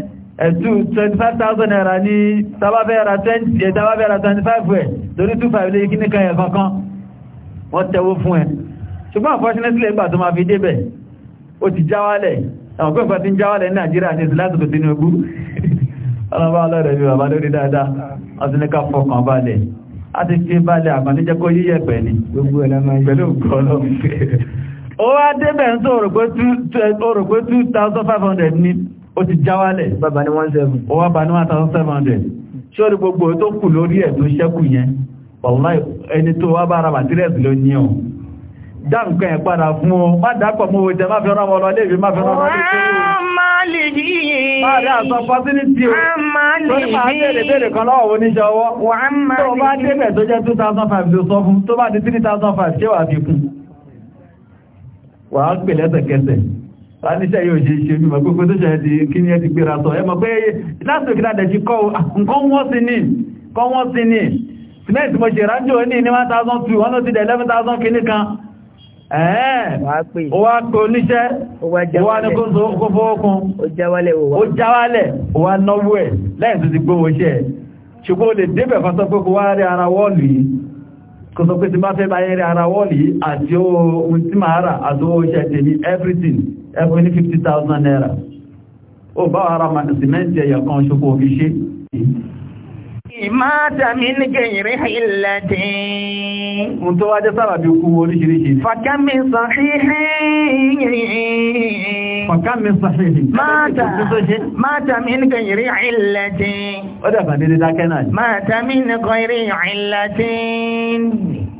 ẹ̀tù 25,000 naira ní tàbábẹ́ra 25 eh, ẹ̀ torí 25 lè kí ní kan ẹ̀kan kan wọ́n tẹ́wó fún ẹ ṣùgbọ́n unfortunately ìgbà tó máa fi débẹ̀ ó ti jáwálẹ̀ àwọn kọ́kọ́ ti ń jáwálẹ̀ ní Nàìjíríà ní ìsìlátò tó sínú ogún ọlọ́bá ọlọ́rẹ̀ mi bàbá lórí dáadáa ọdúnlẹ́ká fọkàn balẹ̀ a ti fi balẹ̀ àgbàníjẹ́ kó yíyẹ pẹ̀lú pẹ̀lú gọ́ọ̀lọ́ ó wá débẹ̀ ń sọ òròpé 2500 ní ó ti jáwálẹ̀ bàbá ní 1700 ó wá bá ní 1700 ṣé orí gbogbo tó kù lórí ẹ̀ tó ṣẹ́kù yẹn wàláì ẹni tó wá bára màtírẹ́sì ló ní ọ̀ dá nǹkan ẹ̀ padà fún ọ má dápọ̀ mú ojẹ má fẹ́ràn ọmọ ọlọ́lẹ́ ìwé má fẹ́ràn ọmọ ọlọ́lẹ́ Máàrí àṣọ fásílítì o, tó ní máa bèèrè bèèrè kan lọ́wọ́ oníṣẹ́ ọwọ́, tó bá débẹ̀ tó jẹ́ 2005 ló sọ fún, tó bá di 3005 ṣé wà fi kún. Wà á pè lẹ́sẹ̀kẹsẹ̀ níṣẹ́ yóò ṣe ṣe mímọ̀ gbogbo tó ṣẹ̀ẹ́ ti kí ní ẹ ti gbéra sọ ẹmọ̀ pé láti òkè dáadẹ̀ sí kọ́ nǹkan wọ́n sí ní kọ́ wọ́n sí ní símẹ́ẹ̀tì mo ṣe rájò ní ní 1,002 wọ́n ti dẹ̀ 11,000 kìíní kan ẹ̀ẹ́ o wá kò níṣẹ́ o wá ní kó so kó fọ́ọ̀kún o jáwálẹ̀ o wá náwó ẹ̀ lẹ́yìn tó ti gbówó ṣẹ́ ṣùgbọ́n o lè débẹ̀ fásọ pé kó wá rí ara wọ́ọ̀lù yìí kò sọ pé ti bá fẹ́ bá yẹ́rẹ ara wọ́ọ̀lì àti ohun tí máa rà àti owó iṣẹ́ tèmi everything ẹgbẹ́ ní 50,000 naira ó bá ara ma cement ẹ̀yà kan ṣokò fi ṣe ìmáta mi ní gẹ̀yìnrí ìlàtí. Mo tó wá jẹ́ sábàbí okú oríṣiríṣi. Fàkámi sàfíhì. Fàkámi sàfíhì. Máta mi ní gẹ̀yìnrí ìlàtí. Ó dàbà dédé dákẹ́ náà. Máta mi ní gẹ̀yìnrí ìlàtí.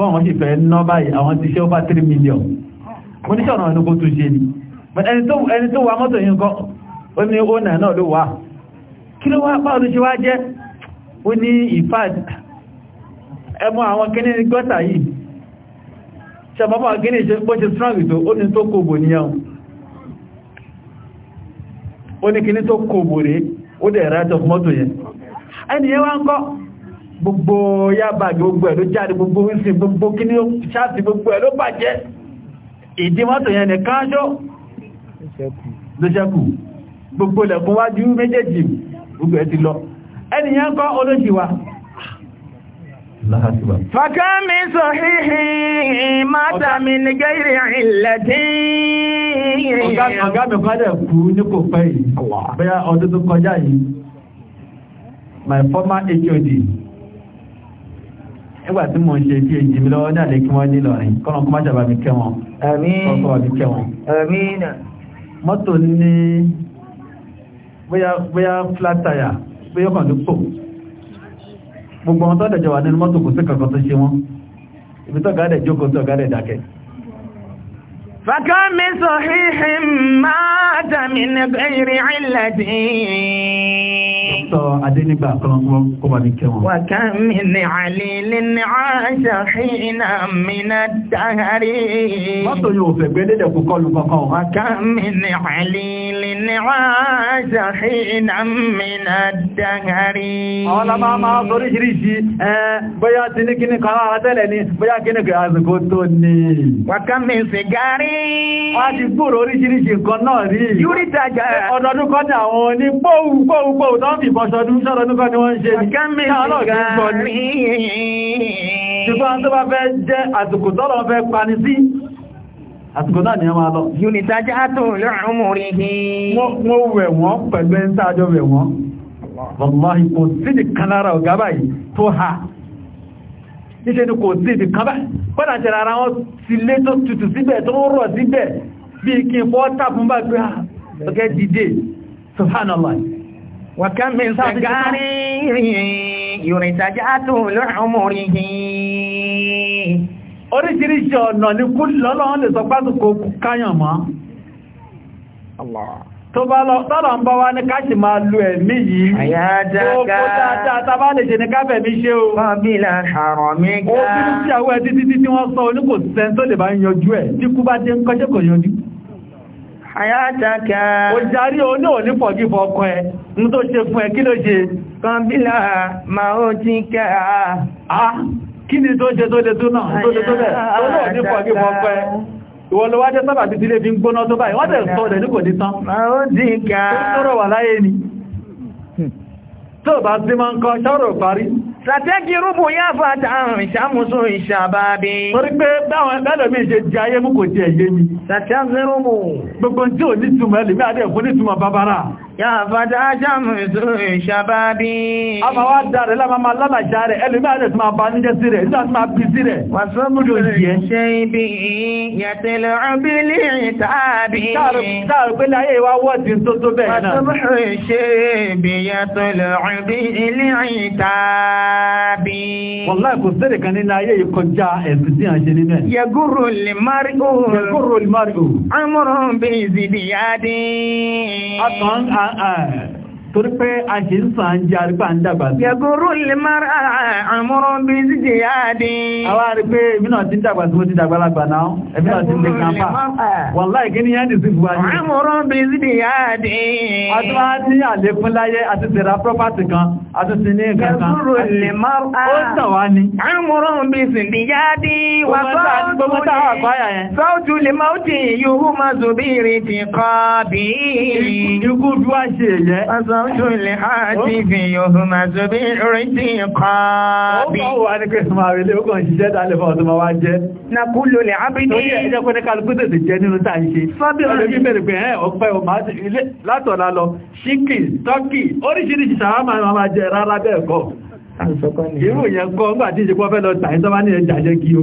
fọ́wọ́n sì fẹ́ ná báyìí àwọn ti ṣe over 3 million mo ní ṣọ̀nà ṣe ni ẹni tó wà mọ́tò yìí ó ní ó nà náà ló wà kí ló wá pàwọn ṣe wá jẹ́ ó ní ìfàd ẹmọ àwọn kíní ní gọ́tà yìí ní tó gbogbo yába gbogbo ẹ̀ ló jáde gbogbo wíṣì gbogbo kí ní ṣáàtì gbogbo ẹ̀ ló bàjẹ́ ìdí mọ́tò yẹn nìkan ṣó ló ṣẹ́kù gbogbo lẹ̀kún wájú méjèèjì gbogbo ẹ̀ ti lọ ẹniyàn kọ́ olóṣìwà fàkàmí sọ̀híhì my former HOD nígbà tí mo ń ṣe bí èjì mi lọ́wọ́ jáde kí wọ́n nílò rìn kọ́nà kó má mi kẹ́ wọn mi kẹ́ mọ́tò ní bóyá flat tire bóyá ọkàn tó pò gbogbo wọn tó dẹ̀jọ wà nínú mọ́tò kò sí kankan tó ṣe wọn ibi tó gáàdẹ̀ jókòó tó gáàdẹ̀ dákẹ́ فكم من صحيح مات من غير علة sọ Adénígbà kan kó bá ní kẹwọn. Wà ká mi ní àlèlè ní àṣà ìnà mi náà dáhárí. Mọ́tò yóò fẹ̀ gbé dédé kú kọlu kankan. Wà ká mi ní àlèlè ní àṣà ìnà mi náà dáhárí. Àwọn ọlọ́mọ máa sọrí ṣiríṣi ẹ bóyá ti ní kíní kan lára tẹ́lẹ̀ ni bóyá kíní kan àsìkò tó ni. Wà ká mi sìgárí. Wà á ti gbòòrò oríṣiríṣi nǹkan náà rí. Yúrítàjà. Ọdọọdún kan ní àwọn oní gbòòrò gbòòrò tó ń fìb pọ̀ṣọ́dún ṣọ́rọ̀ nípa ni wọ́n ń ṣe ní káàlọ́ ní ṣùgbọ́n tó bá fẹ́ jẹ́ àsìkò tọ́rọ̀ fẹ́ pani sí àsìkò náà ni a máa lọ yunita tó ha níṣẹ́ ni ní kan báyìí pọ́nà tẹ̀rẹ ara wọn subhanallah وكم من سجار يرتجعت لعمره oríṣiríṣi ọ̀nà ní kú lọ́lọ́wọ́n lè sọ pásùkò káyàn mọ́ tó bá lọ sọ́rọ̀ ń bọ́ wá ní káṣì máa lú ẹ̀mí yìí tó kó dáadáa tàbá lè ṣe ní káfẹ̀ mi ṣe o fábílà àrọ̀ mi gáà ó bí ní sí àwọ́ ẹ̀ títí tí wọ́n sọ oníkò àyátaka òjàrí ní òní pọ̀gífọ́ ọkọ̀ ẹ, mú tó ṣe fún ẹ e, kí ló ṣe ma ó ti ká kí ni tó ṣe tó lè tó náà tó lè tó bẹ̀ tó náà ní ọkọ̀ ẹ. ìwọ̀n lọ wájẹ́ sábà fi ń gbóná tó báyìí wọ́n Sàtẹ́gì rúbù yá fàtà ìṣàmùsù ìṣàbábí. Torí pé báwọn ẹlòmí ṣe jẹ ayé mú kò jẹ èyé mi. Sàtẹ́gì rúbù. Gbogbo tí ò ní túnmọ̀ ẹlòmí àdẹ́ fún ní túnmọ̀ bàbára. Yàfàdá jàmù tó ìṣàbábí. A máa wá dáre lámà máa lálàjá rẹ̀, ẹlùmí àrẹ̀ tí máa bá níjẹ́ sí rẹ̀, nígbà tí máa bí sí rẹ̀. Wà sọ́mùdò yìí ṣe ibi yàtẹ̀lẹ̀ ọ̀bílì tàbí. Dáàrù pé láyé wá wọ́dí tó tó bẹ̀ náà. Wà sọ́mùdò ṣe ibi yàtẹ̀lẹ̀ ọ̀bílì tàbí. Wọ́lá ayé ìkọjá ẹ̀sùn eye. Uh-uh. torí pé a ṣe ń sàn jẹ́ àrípà ń dàgbà sí. yàgòrò lè mara àmúrò bí jíjẹ àdé. àwa rí pé èmi náà ti ń dàgbà sí mo ti dàgbà lágbà náà èmi náà ti ń lè kàn fà. wàláì kí yẹn ti sí fún wa ní. àmúrò bí jíjẹ àdé. a tún wá ní àlékún láyé àti tẹ̀ra property kan a tún ti ní nǹkan kan. yàgòrò lè mara ó sàn wá ní. àmúrò bí jíjẹ àdé. wà sọ́ọ̀tù lè máa ti yòówù máa zòbí ìrètí kọ́ bí. ikú bí wá ṣe yẹ. Mọ́tò lè áti fi yóò máa tó bí ìrìntì kọ́bí. Ó bá wà ní Kìrìsìmọ̀ àrílé ó kàn ṣiṣẹ́ dálé fún ọdún máa jẹ́. Na kú ló lè ábídí. Ó yẹ ẹjẹ́ kó ní kálukú tètè jẹ́ nínú tàà ń ṣe. Fábí ọ̀rẹ́ mi bẹ̀rẹ̀ pé ẹ̀ ọ̀pẹ́ ò máa ti ilé látọ̀lá lọ, ṣíkì, tọ́kì, oríṣiríṣi sàámà máa jẹ rárá bẹ́ẹ̀ kọ́. Irú ìyẹn kọ́ ń gbà tí ìṣepọ́ fẹ́ lọ tàí sọ́bá ní ẹjà jẹ́ kí o.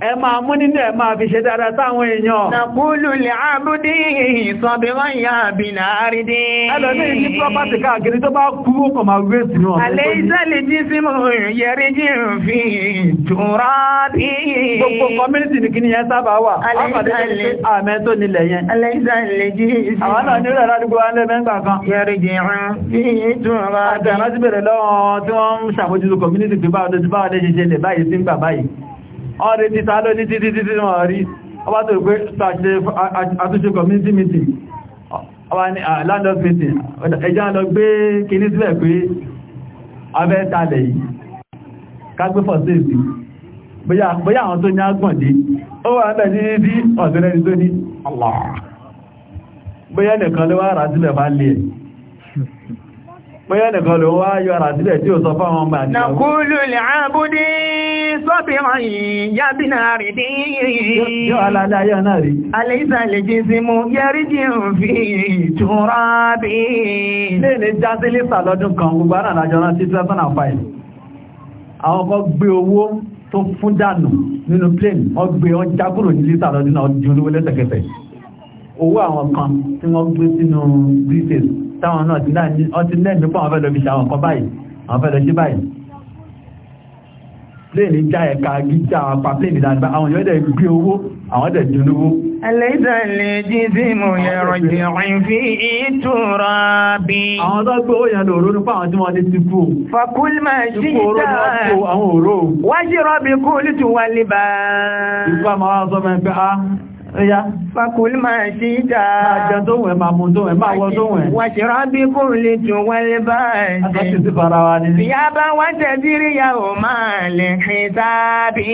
ẹ máa mú nínú ẹ máa fi ṣe dáadáa sáwọn èèyàn. nàkúlù lè àbúdí ìsọ̀bẹ̀wọ̀n ya àbìnà àrídí. ẹlòmí ní pọ́pátì káàkiri tó bá kú ọkọ̀ máa wé sínú ọ̀rẹ́ alẹ́ ìsẹ́lẹ̀ jí sí mo yẹrí jí fi jùrọ́ bí. gbogbo community ní kíni sábà wà. alẹ́ ìsẹ́lẹ̀ jí sí. nílẹ̀ ládùúgbò ọ̀rẹ́ ti tàà lóní títí títí wọ́n rí ọba tó gbé àtúnṣe community meeting ọba ní ah, landlord meeting ẹjá lọ gbé kìíní sílẹ̀ pé abẹ́ tààlẹ̀ yìí kágbé for safety bóyá àwọn tó ní agbọ̀ndé ó wà bẹ̀ ní bí ọ̀sẹ̀rẹ́ni tó ní bóyá nìkan ló wá rà sílẹ̀ bá lè bóyá nìkan ló wá yọ rà sílẹ̀ sọ́bìrán yábínà rí dí yóò aládá yóò náà rí alẹ́sà lè jí sí mú yẹrí jí ń fi ìtura bí lè lè já sí lẹ́sà lọ́dún kan gbogbo ara àjọ náà sí 2005 àwọn kan gbé owó tó fún dànù nínú plane wọ́n gbé wọ́n jágùrò ní lẹ́sà lọ́dún náà di olówó lẹ́sẹ̀kẹsẹ̀ owó àwọn kan tí wọ́n gbé sínú britain táwọn náà ti pléènì já ẹ̀ka gíjà apá pléènì dáadáa àwọn èèyàn dẹ̀ gbé owó àwọn dẹ̀ dín lówó. ẹlẹ́dàlẹ̀ jíjí mo yẹrọ jẹ̀rin fi ìtura bí. àwọn tó gbé owó yẹn lò ró nípa àwọn tí wọ́n ti ti kú. fakulma ṣíṣà àwọn òró. wájú rọ́bì kúlù tù wálé bá. ìfúnpá máa wá sọ fún pé a. Ah, ẹ̀yà fakul máa ṣí ìjà àjọ tó wẹ̀ máa mú tó wẹ̀ máa wọ́ tó wẹ̀ wàṣírá bí kò lè tún wẹ́lé wa ní ìyá bá wá ya ò lè fi sáábì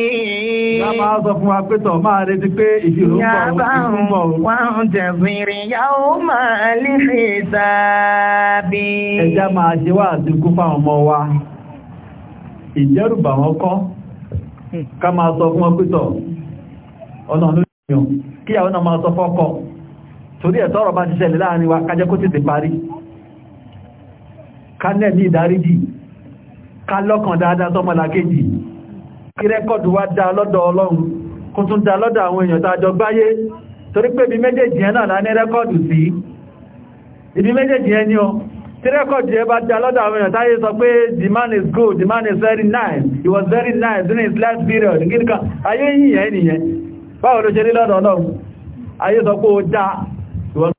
wa pé ya ò máa lè fi sáábì ẹjá máa ṣe wá àdínkù fáwọn ọmọ wa ìjẹ́rùbà wọn kọ́ ká máa sọ fún ọ ọ̀nà kí àwọn ọmọ ọ̀sọ̀ fọ́kọ́ torí ẹ̀tọ́ ọ̀rọ̀ bá ti ṣẹlẹ̀ láàrin wa kájẹ́ kó tètè parí ká nẹ̀ ní ìdáríjì ká lọ́kàn dáadáa sọ́mọlàkejì kí rẹ́kọ̀dù wá dá lọ́dọ̀ ọlọ́run kó tún dá lọ́dọ̀ àwọn èèyàn tàjọ gbáyé torí pé ibi méjèèjì ẹ the man is good the man báwo ló ṣe rí lọ́dọ̀ ọlọ́run ayé sọ pé ó dá